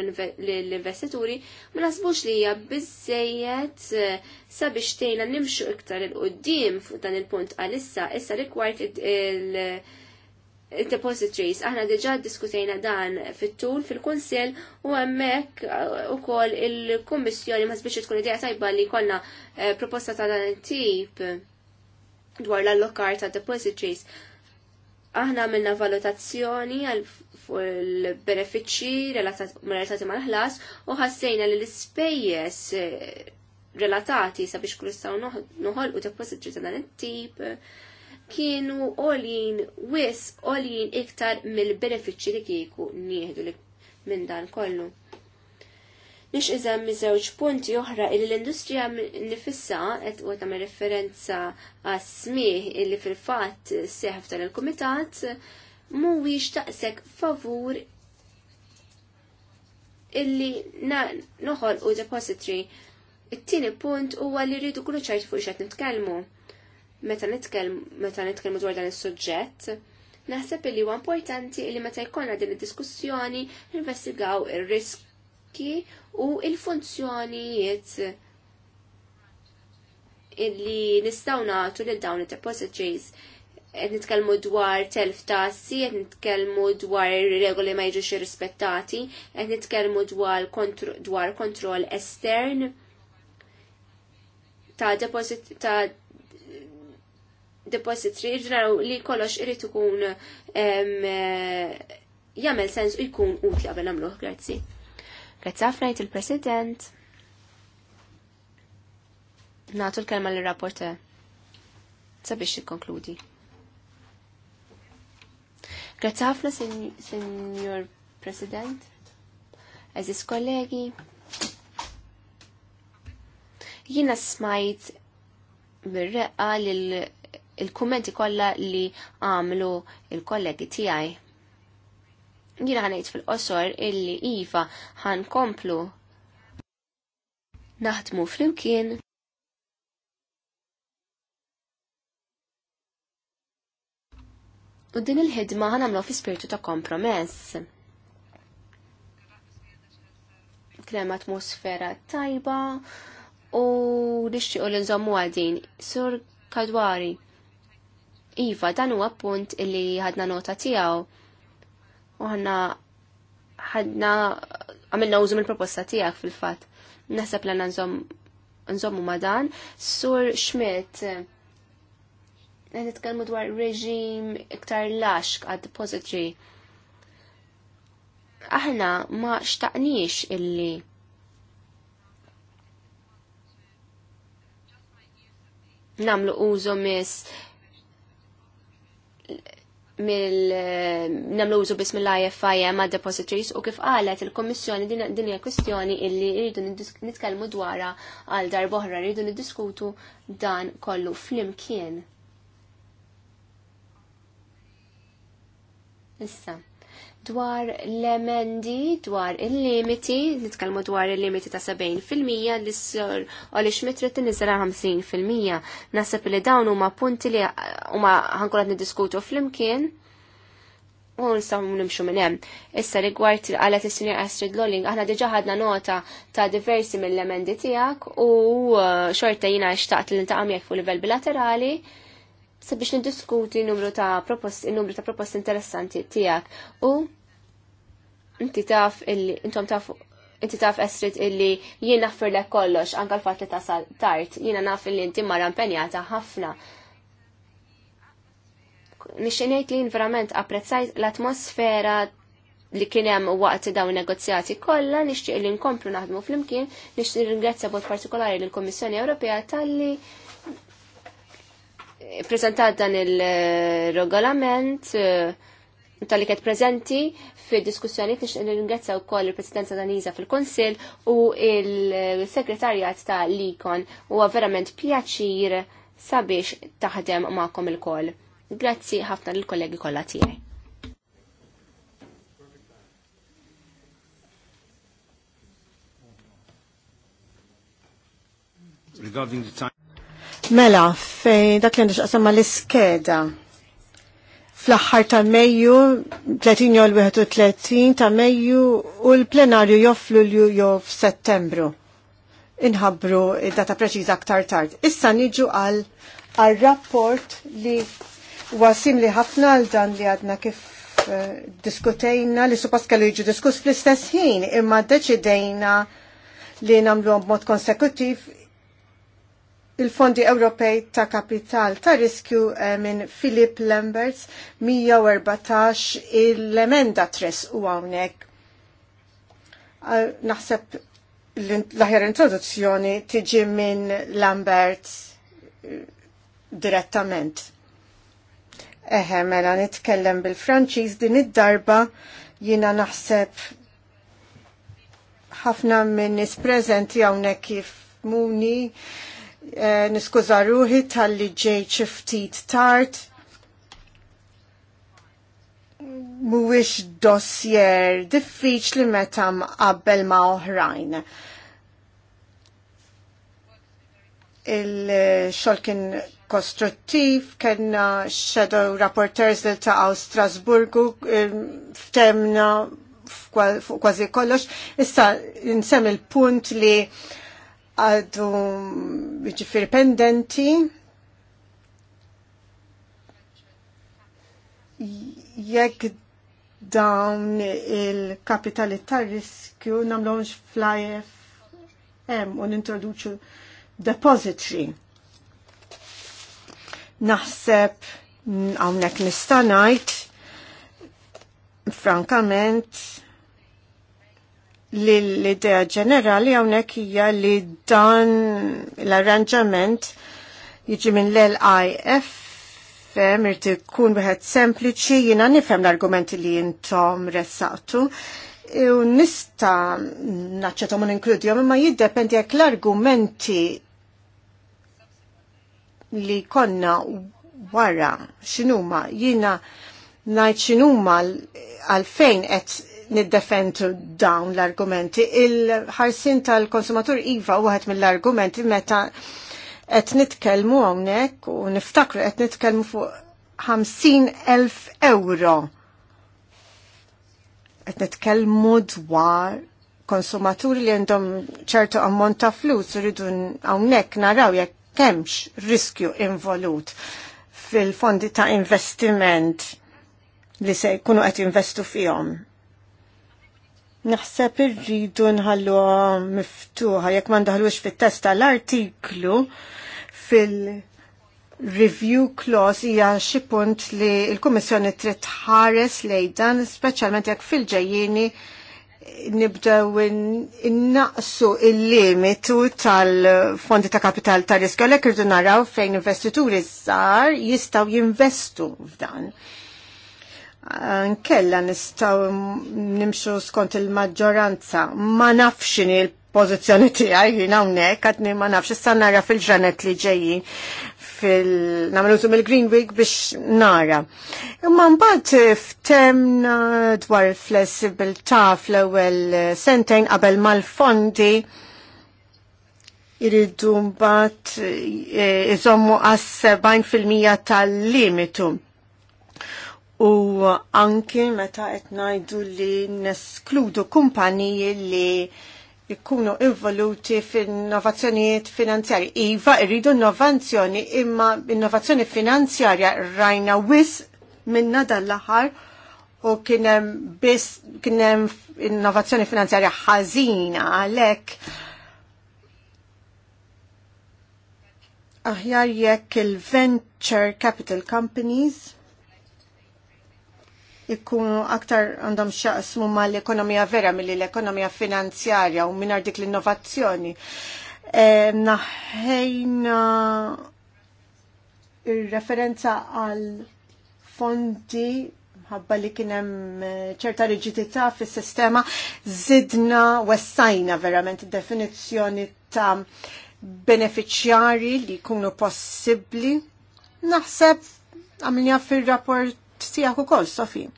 l-investituri, ma nasbux li hija bizzejiet eh, sabiex tejna nimxu iktar il-qoddim fuq dan il-punt għalissa, issa rikward il-depositories. Aħna diġa diskutejna dan fit-tul fil-Kunsel u hemmhekk eh, ukoll il-Kummissjoni ma sbiex tkun idea tajba li konna eh, proposta ta' dan il-tip dwar l-allokar ta' depositories. Aħna għamilna valutazzjoni għal l-benefiċċji relatati mal-ħlas u ħassejna li l-ispejjeż eh, relatati sabiex kull istaw noħolqu depositri ta' dan it-tip eh, kienu olin wis olin iktar mill-benefiċċji li kieku nieħdu minn dan kollu biex iżem miżewġ punti oħra illi l-industrija nifissa qed u tagħmel referenza għas smih illi fil-fatt seħf tal-kumitat mhuwiex taqsek favur illi noħol u depository. It-tieni punt huwa li rridu kullu ċajt fuq xed nitkellmu. Meta nitkellmu meta nitkellmu dwar dan is-suġġett, naħseb illi huwa importanti illi meta jkollna din id-diskussjoni investigaw ir-risk ċekki u il-funzjonijiet li nistaw nagħtu lil dawn id ċejs. qed nitkellmu dwar telf tassi, qed nitkellmu dwar regoli ma jiġux irrispettati, qed nitkellmu dwar kontro, dwar kontroll estern ta' deposit ta' depositri ġraw li kollox irid ikun eh, jagħmel sens u jkun utli qabel nagħmluh, grazzi. Grazzi ħafna jgħid il-President. Natu l-kelma l rapporter sabiex jikkonkludi. Grazzi ħafna, Senjor President, eżis kollegi. Jiena smajt bir-reqqa lil il kolla kollha li għamlu il-kollegi tiegħi Jina ħanajt fil-qosor illi Iva ħan komplu naħdmu fl-imkien u din il-ħidma għamlu fi spiritu ta' kompromess. Krem atmosfera tajba u nixtiequ l nżommu għadin. Sur Kadwari, Iva, dan huwa punt illi ħadna nota tiegħu u ħanna ħadna għamilna użum il proposta tijak fil fat Naħseb l nżommu ma madan. Sur Schmidt, eh, nitkellmu dwar reġim iktar laxk għad depository. Aħna ma xtaqnix illi namlu użu mis mill namlu użu biss mill-IFIM ma' depositories u kif qalet il-Kommissjoni din hija kwestjoni illi rridu nitkellmu dwarha għal darbohra rridu niddiskutu dan kollu flimkien. Issa dwar l-emendi, dwar il-limiti, nitkalmu dwar il-limiti ta' 70% l-sur u li xmitrit nizra 50%. Nasab li dawn huma punti li huma ħankulat nidiskutu fl-imkien u nistaw nimxu minn hemm. Issa rigward għalet is-sinjor Astrid Lolling, aħna diġà ħadna nota ta' diversi mill-emendi tiegħek u uh, xorta jiena xtaqt li ntaqam jekk fuq livell bilaterali sabiex nindiskuti numru ta' proposti, numru ta' proposti interessanti tijak u inti taf illi, intom taf inti taf esrit illi jiena firlek kollox anka l-fat li tasal tart, jiena naf illi inti marra impenjata ħafna. Nixxenejt li verament apprezzajt l-atmosfera li kien hemm waqt dawn negozjati kollha nixtieq li nkomplu naħdmu flimkien, nixtieq ringrazzja b'mod partikolari lill-Kummissjoni Ewropea tal-li prezentat dan il-regolament eh, tal-li kett prezenti fi diskussjoni nix ringrazzaw kol il-Presidenza Daniza fil-Konsil u il-Segretarjat ta' Likon u verament pjaċir sabiex taħdem ma'kom il koll Grazzi ħafna l-kollegi kollha tiegħi. Regarding the time Mela, fej dak li għandix l-iskeda. Fl-axħar ta' Mejju, 30 jol 31 ta' Mejju u l-plenarju joflu l jew f'Settembru. Inħabru id-data preċiża aktar tard. Issa niġu għal rapport li wasim li ħafna għal dan li għadna kif eh, diskutejna li suppost kellu jiġu diskuss fl-istess ħin imma deċidejna li namlu mod konsekutiv il-Fondi Ewropej ta' Kapital ta' riskju eh, minn Philip Lamberts 114 il-emenda tres u għawnek. Eh, naħseb l-ħjar introduzzjoni tiġi minn Lamberts eh, direttament. Eħe, mela nitkellem bil-Franċiż din id-darba jina naħseb ħafna minn nis prezenti għawnek kif muni Eh, niskuża ruħi tal-li ġej ċiftit tard. Mhuwiex dossier diffiċli meta qabbel ma' oħrajn. Il-xogħol kien kostruttiv, kellna shadow rapporters li ta' Strasburgu eh, ftemna fuq kważi kollox. Issa nsemmi il-punt li għadu ġifir pendenti jekk dawn il-kapitali tar riskju namlonx fl hemm u nintroduċu depository. Naħseb nista' nistanajt, frankament, l-idea ġenerali hawnhekk hija li dan l-arranġament jiġi minn l-LIF fem irti kun wieħed sempliċi jiena nifhem l-argumenti li jintom ressaqtu u nista naċċetom u inkludjom imma jiddependi jekk l-argumenti li konna wara x'inhuma jiena ngħid x'inhuma għalfejn qed niddefend dawn l-argumenti. Il-ħarsin tal-konsumatur Iva u għet mill-argumenti meta qed nitkellmu hawnhekk u niftakru qed nitkellmu fuq 50,000 euro. Qed nitkellmu dwar konsumaturi li għandhom ċertu ammont ta' flus rridu hawnhekk naraw jekk kemx riskju involut fil-fondi ta' investiment li se jkunu qed investu fihom. Naħseb irridu nħallu miftuħa jekk ma ndaħlux fit testa tal-artiklu fil-review clause hija xi punt li l-Kummissjoni trid tħares lejn dan, speċjalment jekk fil-ġejjieni nibdew innaqsu il-limitu tal-fondi ta' kapital ta' riskju għalhekk irridu naraw fejn investituri żgħar jistgħu jinvestu f'dan nkella nistaw nimxu skont il-maġġoranza. Ma nafxini il-pozizjoni tiegħi jina hawnhekk qed ma nafx issa nara fil-ġranet li ġejjin fil nagħmlu mill-Green Week biex nara. Imma mbagħad ftemna dwar il-flessibilità fl-ewwel sentejn qabel mal-fondi jiridu mbagħad eh, iżommu għas 70% tal-limitu u anki meta qed ngħidu li neskludu kumpaniji li jkunu involuti f'innovazzjonijiet finanzjarji. Iva irridu innovazzjoni imma innovazzjoni finanzjarja rajna wis minna dan l-aħħar u kien hemm biss kien hemm innovazzjoni finanzjarja ħażina għalhekk aħjar jekk il-venture capital companies ikkunu aktar għandhom xaqsmu ma l-ekonomija vera mill l-ekonomija finanzjarja u minar dik l-innovazzjoni. E, eh, Naħħejna il-referenza għal fondi ħabba li kienem eh, ċerta rigidità fis sistema zidna wessajna verament definizjoni ta' beneficjari li kunu possibli. Naħseb għamilja fil-rapport tijak u kol, Sofie.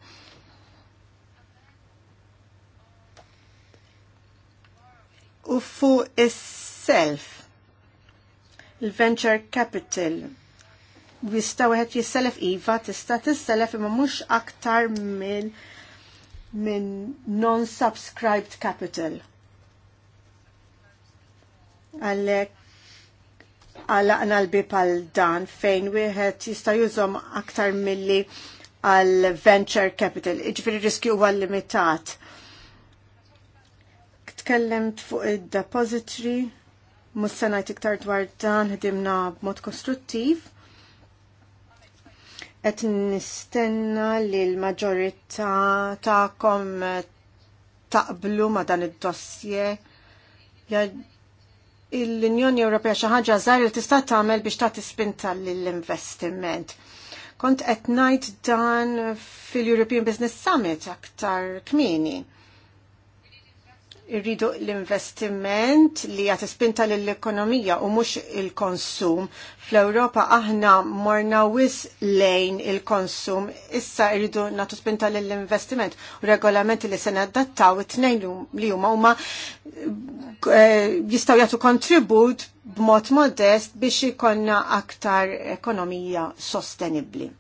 u fuq is-self. Il-venture capital. Jista' wieħed jisselef iva, tista' tisselef imma mhux aktar minn minn non-subscribed capital. Għalhekk għalaqna l-bib għal dan fejn wieħed jista' jużhom aktar milli għal venture capital. Iġifieri riskju huwa limitat. Tkellimt fuq id-depository, mussanajt iktar dwar dan ħdimna b'mod kostruttiv. Et nistenna li l-maġorita ta'kom taqblu ma dan id-dossier. l-Unjoni Ewropea xi ħaġa żgħar li tista' tagħmel biex tagħti spinta lill-investiment. Kont qed ngħid dan fil-European Business Summit aktar kmieni irridu l-investiment li għat spinta l-ekonomija u mux il-konsum. Fl-Europa aħna morna wis lejn il-konsum, issa irridu natu spinta l-investiment u regolamenti li sena dattaw it-tnejn li huma huma eh, jistaw jatu kontribut b'mod modest biex ikonna aktar ekonomija sostenibli.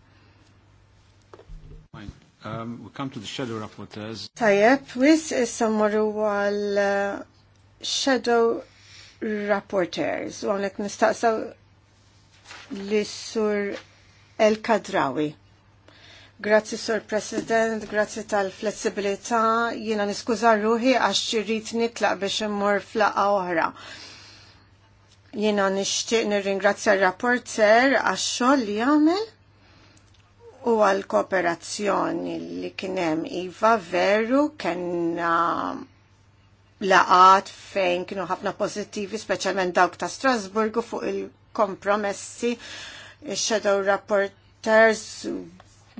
Um, we come to the shadow rapporteurs. Tajjeb, wis issa morru għal uh, shadow rapporteurs. U għonek nistaqsaw li sur El Kadrawi. Grazzi Sur President, grazzi tal-flessibilità, jiena niskuża ruħi għax ċirrit nitlaq biex immur flaqa oħra. Jiena nixtieq nirringrazzja r rapporter għax xogħol li jagħmel u għal kooperazzjoni li kienem Iva veru kena laqat fejn kienu ħafna pozittivi, specialment dawk ta' Strasburgu fuq il-kompromessi, il-shadow rapporters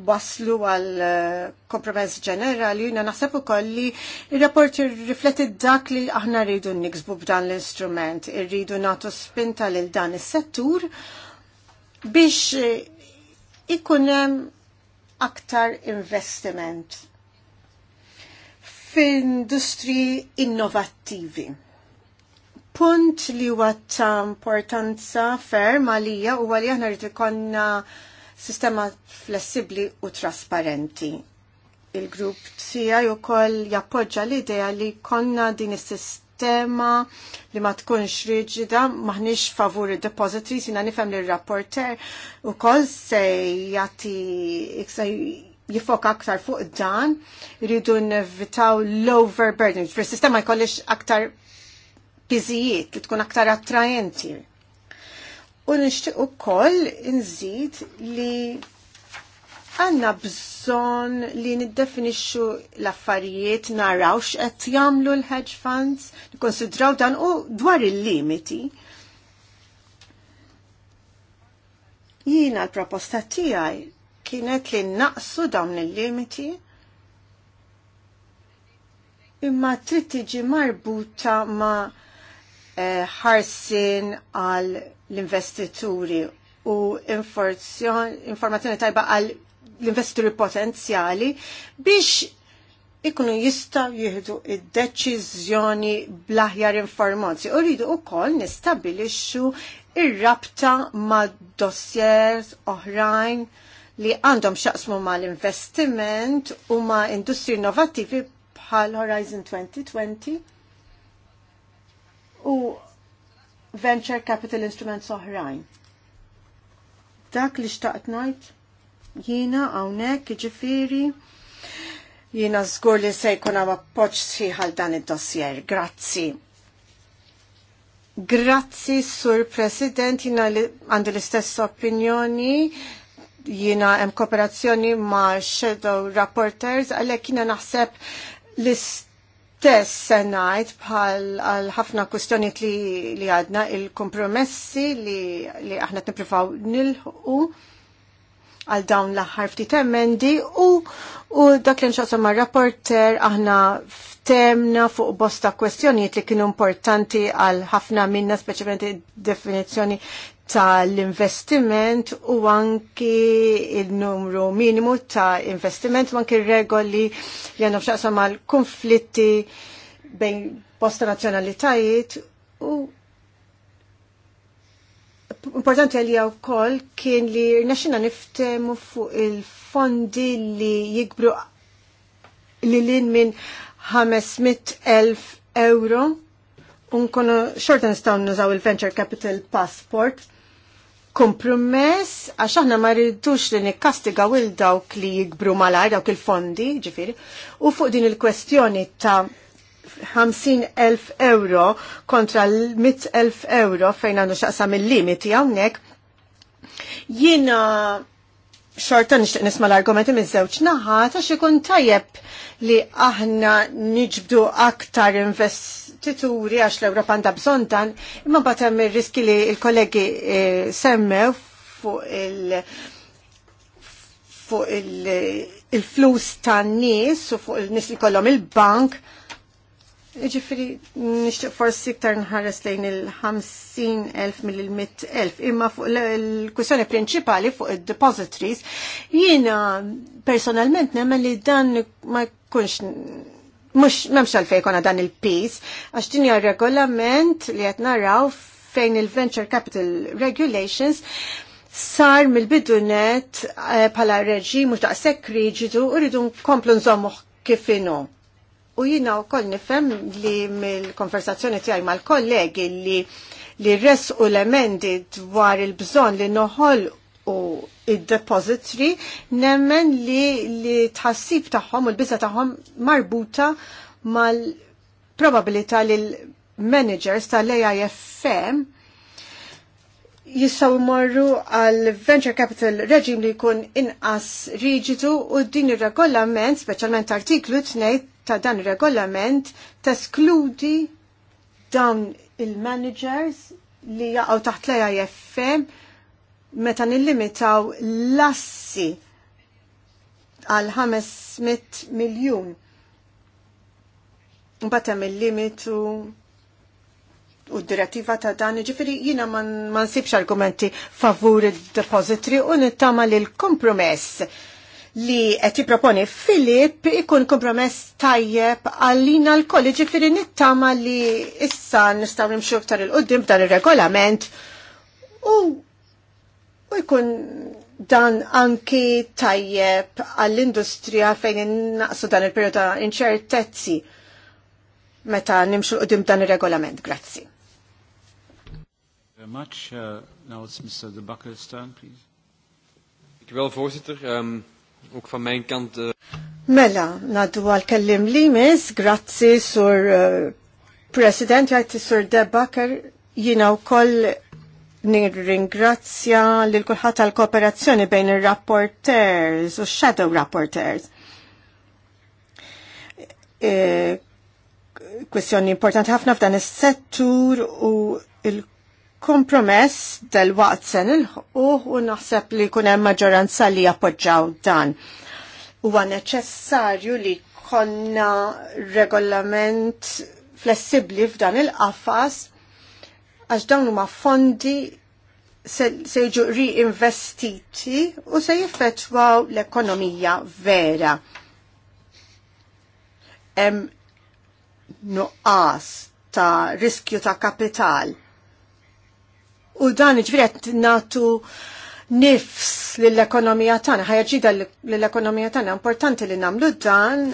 waslu għal eh, kompromess ġenerali, jina naħseb ukoll li il-rapport rifletti dak li aħna rridu niksbu b'dan l-instrument, irridu natu spinta lil dan is-settur biex ikun hemm aktar investiment f'industri innovattivi. Punt li huwa ta' importanza ferm għalija huwa li aħna rrid ikonna sistema flessibli u trasparenti. Il-grupp tiegħi wkoll jappoġġa l-idea li konna din is-sistema Tema li ma tkunx riġida, maħniex favur il-depository, sina nifem li rapporter u kol se jati jifok aktar fuq dan, rridu nevitaw l-overburden, fil sistema jkollix aktar pizijiet li tkun aktar attrajenti. U nishtiq u koll nżid li għanna bżon li niddefinixxu l-affarijiet, narawx x'qed jagħmlu l-hedge funds, nikkonsidraw dan u dwar il-limiti. Jiena l-proposta tiegħi kienet li naqsu dawn il-limiti imma trid tiġi marbuta ma' eh, ħarsin għal l-investituri u informazzjoni tajba għal l investuri potenzjali biex ikunu jista jihdu id-deċizjoni blaħjar informazzi. U rridu u koll nistabilixxu ir-rabta ma' dossiers oħrajn li għandhom xaqsmu ma' l-investiment u ma' industri innovativi bħal Horizon 2020 u venture capital instruments oħrajn. Dak li xtaqt najt jiena hawnhekk ġifiri. Jiena żgur li se jkun hemm appoġġ sħiħ għal dan id-dossier. Grazzi. Grazzi, Sur President, jiena għandu l-istess opinjoni jiena hemm kooperazzjoni ma' Shadow Rapporters għalhekk jiena naħseb l-istess senajt bħal għal ħafna kwistjonijiet li għadna il-kompromessi li, aħna t nilħu għal dawn l-aħħar ftit emendi u, u dak li nxaqsam ma' rapporter aħna ftemna fuq bosta kwestjonijiet li kienu importanti għal ħafna minna speċjalment definizzjoni tal-investiment u anki il-numru minimu ta' investiment u anki regoli li għandhom xaqsam għal konflitti bejn bosta nazzjonalitajiet u Importanti għalija u kol kien li rnaxina niftemu fuq il-fondi li jikbru li lin minn 500.000 euro unkonu xorten staw nużaw il-Venture Capital Passport kompromess għax aħna ma rridux li nikkastiga il dawk li jikbru malar dawk il-fondi ġifiri u fuq din il-kwestjoni ta' 50.000 euro kontra l-100.000 euro fejn għandu xaqsam il-limiti għawnek, jina xorta nishtiq nisma l-argumenti mizzewċ żewġ naħa ta' xikun tajjeb li aħna niġbdu aktar investituri għax l europa għandha bżontan, imma mbagħad hemm ir-riski li l-kollegi eh, semmew fuq il- fuq il-flus tan-nies u fuq il-nies li kollom il bank Ġifiri, nishtiq forsi iktar nħares lejn il-50.000 mill-100.000, imma fuq l-kwissjoni prinċipali fuq il-depositories, jiena personalment nemmen li dan ma jkunx mux memx għalfej kona dan il-pis, għax din regolament li għet naraw fejn il-Venture Capital Regulations sar mill-bidunet eh, pala reġi mux daqsek riġidu u rridu nkomplu kif kifinu U jina u koll nifem li mill-konversazzjoni tijaj mal-kollegi li li res u l-emendi dwar il-bżon li noħol u id-depository nemmen li li tħassib taħħom u l-biza taħħom marbuta mal-probabilità li l-managers tal-AIFM jissaw morru għal venture capital reġim li jkun inqas riġitu u din ir-regolament, speċjalment artiklu tnejt ta' dan regolament teskludi dawn il-managers li jaqgħu taħt l ifm meta nillimitaw lassi għal 500 miljun. U hemm il-limitu u d-direttiva ta' dan, ġifiri jina man, man sibx argumenti favur il-depositri u nittama li l-kompromess li qed jipproponi Filip ikun kompromess tajjeb għallina l-kolli ġifieri nittama li issa nistgħu nimxu iktar il qoddim b'dan ir-regolament u u jkun dan anki tajjeb għall-industrija fejn naqsu dan il-perjoda inċertezzi meta nimxu l-qudiem dan ir-regolament. Grazzi. Much. Uh, now it's Mr. De Bakker please. Dankjewel, voorzitter. Um, ook van mijn kant... Uh... Mela, naddu għal-kellim li mis, grazzi sur uh, President, għajti sur Debaker, jina u koll nirringrazzja lil l-kulħat għal-kooperazzjoni bejn il-rapporters u shadow rapporters. Eh, kwestjoni importanti ħafna f'dan is-settur u il- kompromess tal-waqt sen il-ħu u naħseb li kunem maġoranza li jappoġġaw dan. Huwa neċessarju li konna regolament flessibli f'dan il-qafas għax dawn huma fondi se jiġu reinvestiti u se jiffetwaw l-ekonomija vera. Em nuqqas ta' riskju ta' kapital U dan ġviret natu nifs l-ekonomija tana, ħajja ġida l-ekonomija tana, importanti li namlu dan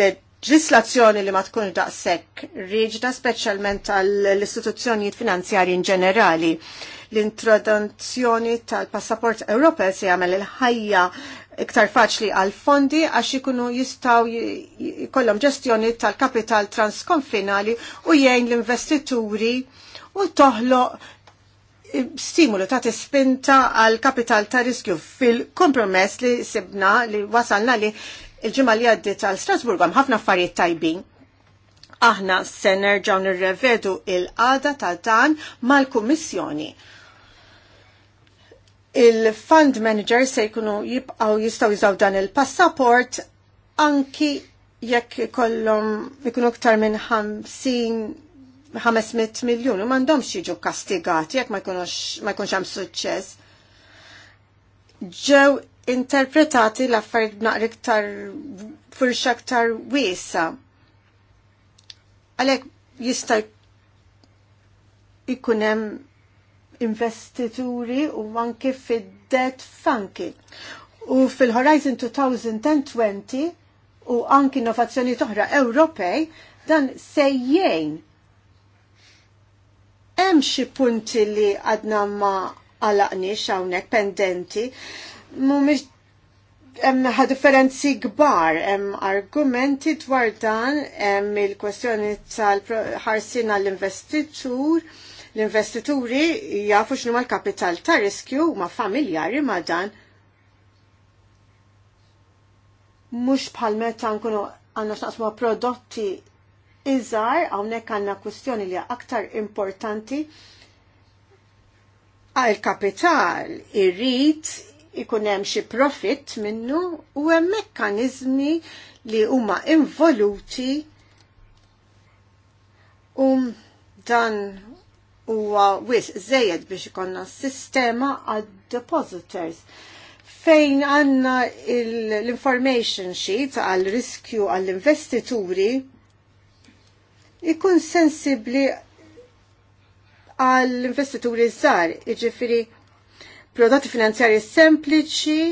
leġislazzjoni li ma tkunx daqshekk riġda speċjalment għall-istituzzjonijiet finanzjarji in ġenerali. L-introduzzjoni tal-passaport Ewropew se jagħmel il-ħajja iktar faċli għal fondi għax ikunu jistaw jkollhom ġestjoni tal-kapital transkonfinali u jgħin l-investituri u toħloq stimulu ta' tispinta għal kapital ta' riskju fil-kompromess li sibna li wasalna li il-ġimma li għaddit għal Strasburg għam ħafna affarijiet tajbin. Aħna se nerġaw nirrevedu il-qada ta' dan mal-Kummissjoni. Il-fund manager se jkunu jibqaw jistaw jizaw dan il-passaport anki jekk kollom ikunu ktar minn 50 500 miljon u mandomx jiġu kastigati jekk ma jkunx hemm suċċess. Ġew interpretati l-affarijiet naqri iktar furxa iktar wiesa. Għalhekk jista' ikun hemm investituri u anke fid-debt funky. U fil-Horizon 2020 u anke innovazzjoni toħra Ewropej dan jgħin hemm xi punti li għadna ma għalaqniex hawnhekk pendenti, mhumiex hemm ħa differenzi kbar, hemm argumenti dwar dan, hemm il-kwestjoni tal ħarsina għall-investitur, l-investituri jafu x'nu l-kapital ta' riskju ma' familjari ma' dan. Mhux bħal meta nkunu għandna x'naqsmu prodotti iżgħar hawnhekk għandna kwistjoni li aktar importanti għal kapital irrit ikun hemm xi profit minnu u hemm mekkaniżmi li huma involuti u um dan huwa wis żejjed biex ikonna sistema għad depositors fejn għanna l-information sheet għal riskju għall investituri ikun sensibli għall-investituri żgħar, jiġifieri prodotti finanzjari sempliċi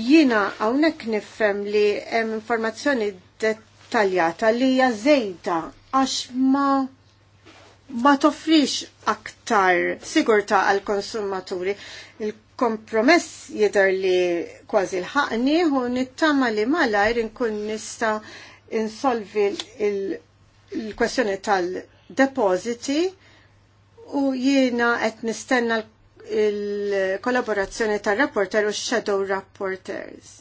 Jina hawnhekk nifhem li hemm informazzjoni dettaljata li hija żejda għax ma ma toffrix aktar sigurta għal konsumaturi kompromess jidher li kważi l-ħaqni u nittama li malajr inkun nista insolvi l kwestjoni tal-depositi u jiena qed nistenna il-kollaborazzjoni tal-rapporter u shadow rapporters.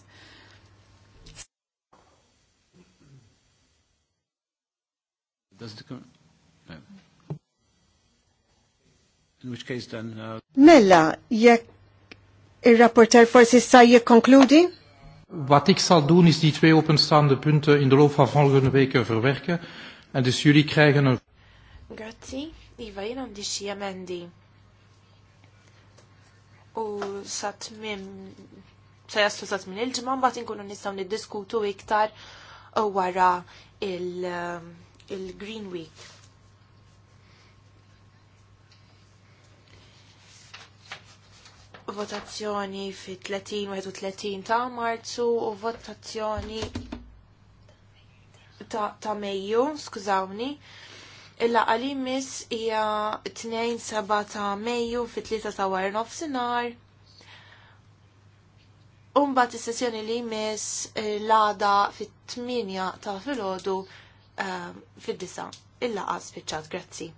Mela, In which case uh, mela, jekk Il-rapporter forsi sa jikkonkludi? Wat ik zal doen is die twee openstaande punten in de loop van volgende week verwerken. En dus jullie krijgen een... Grazie. Iva, jena għandi xie mendi. U sat mim, sa jaslu sat min il-ġimma, mbat inkunu nistaw niddiskutu iktar wara il-Green um, Week. votazzjoni fi 30 31 ta' marzu u votazzjoni ta', ta Mejju, skużawni. Il-laqa li miss hija 2-7 ta' Mejju fi 3 ta' war nofsinhar. Umba is-sessjoni li jmiss eh, l-għada fit-8 ta' filgħodu fi eh, fid-disa. il fi spiċċat, grazzi.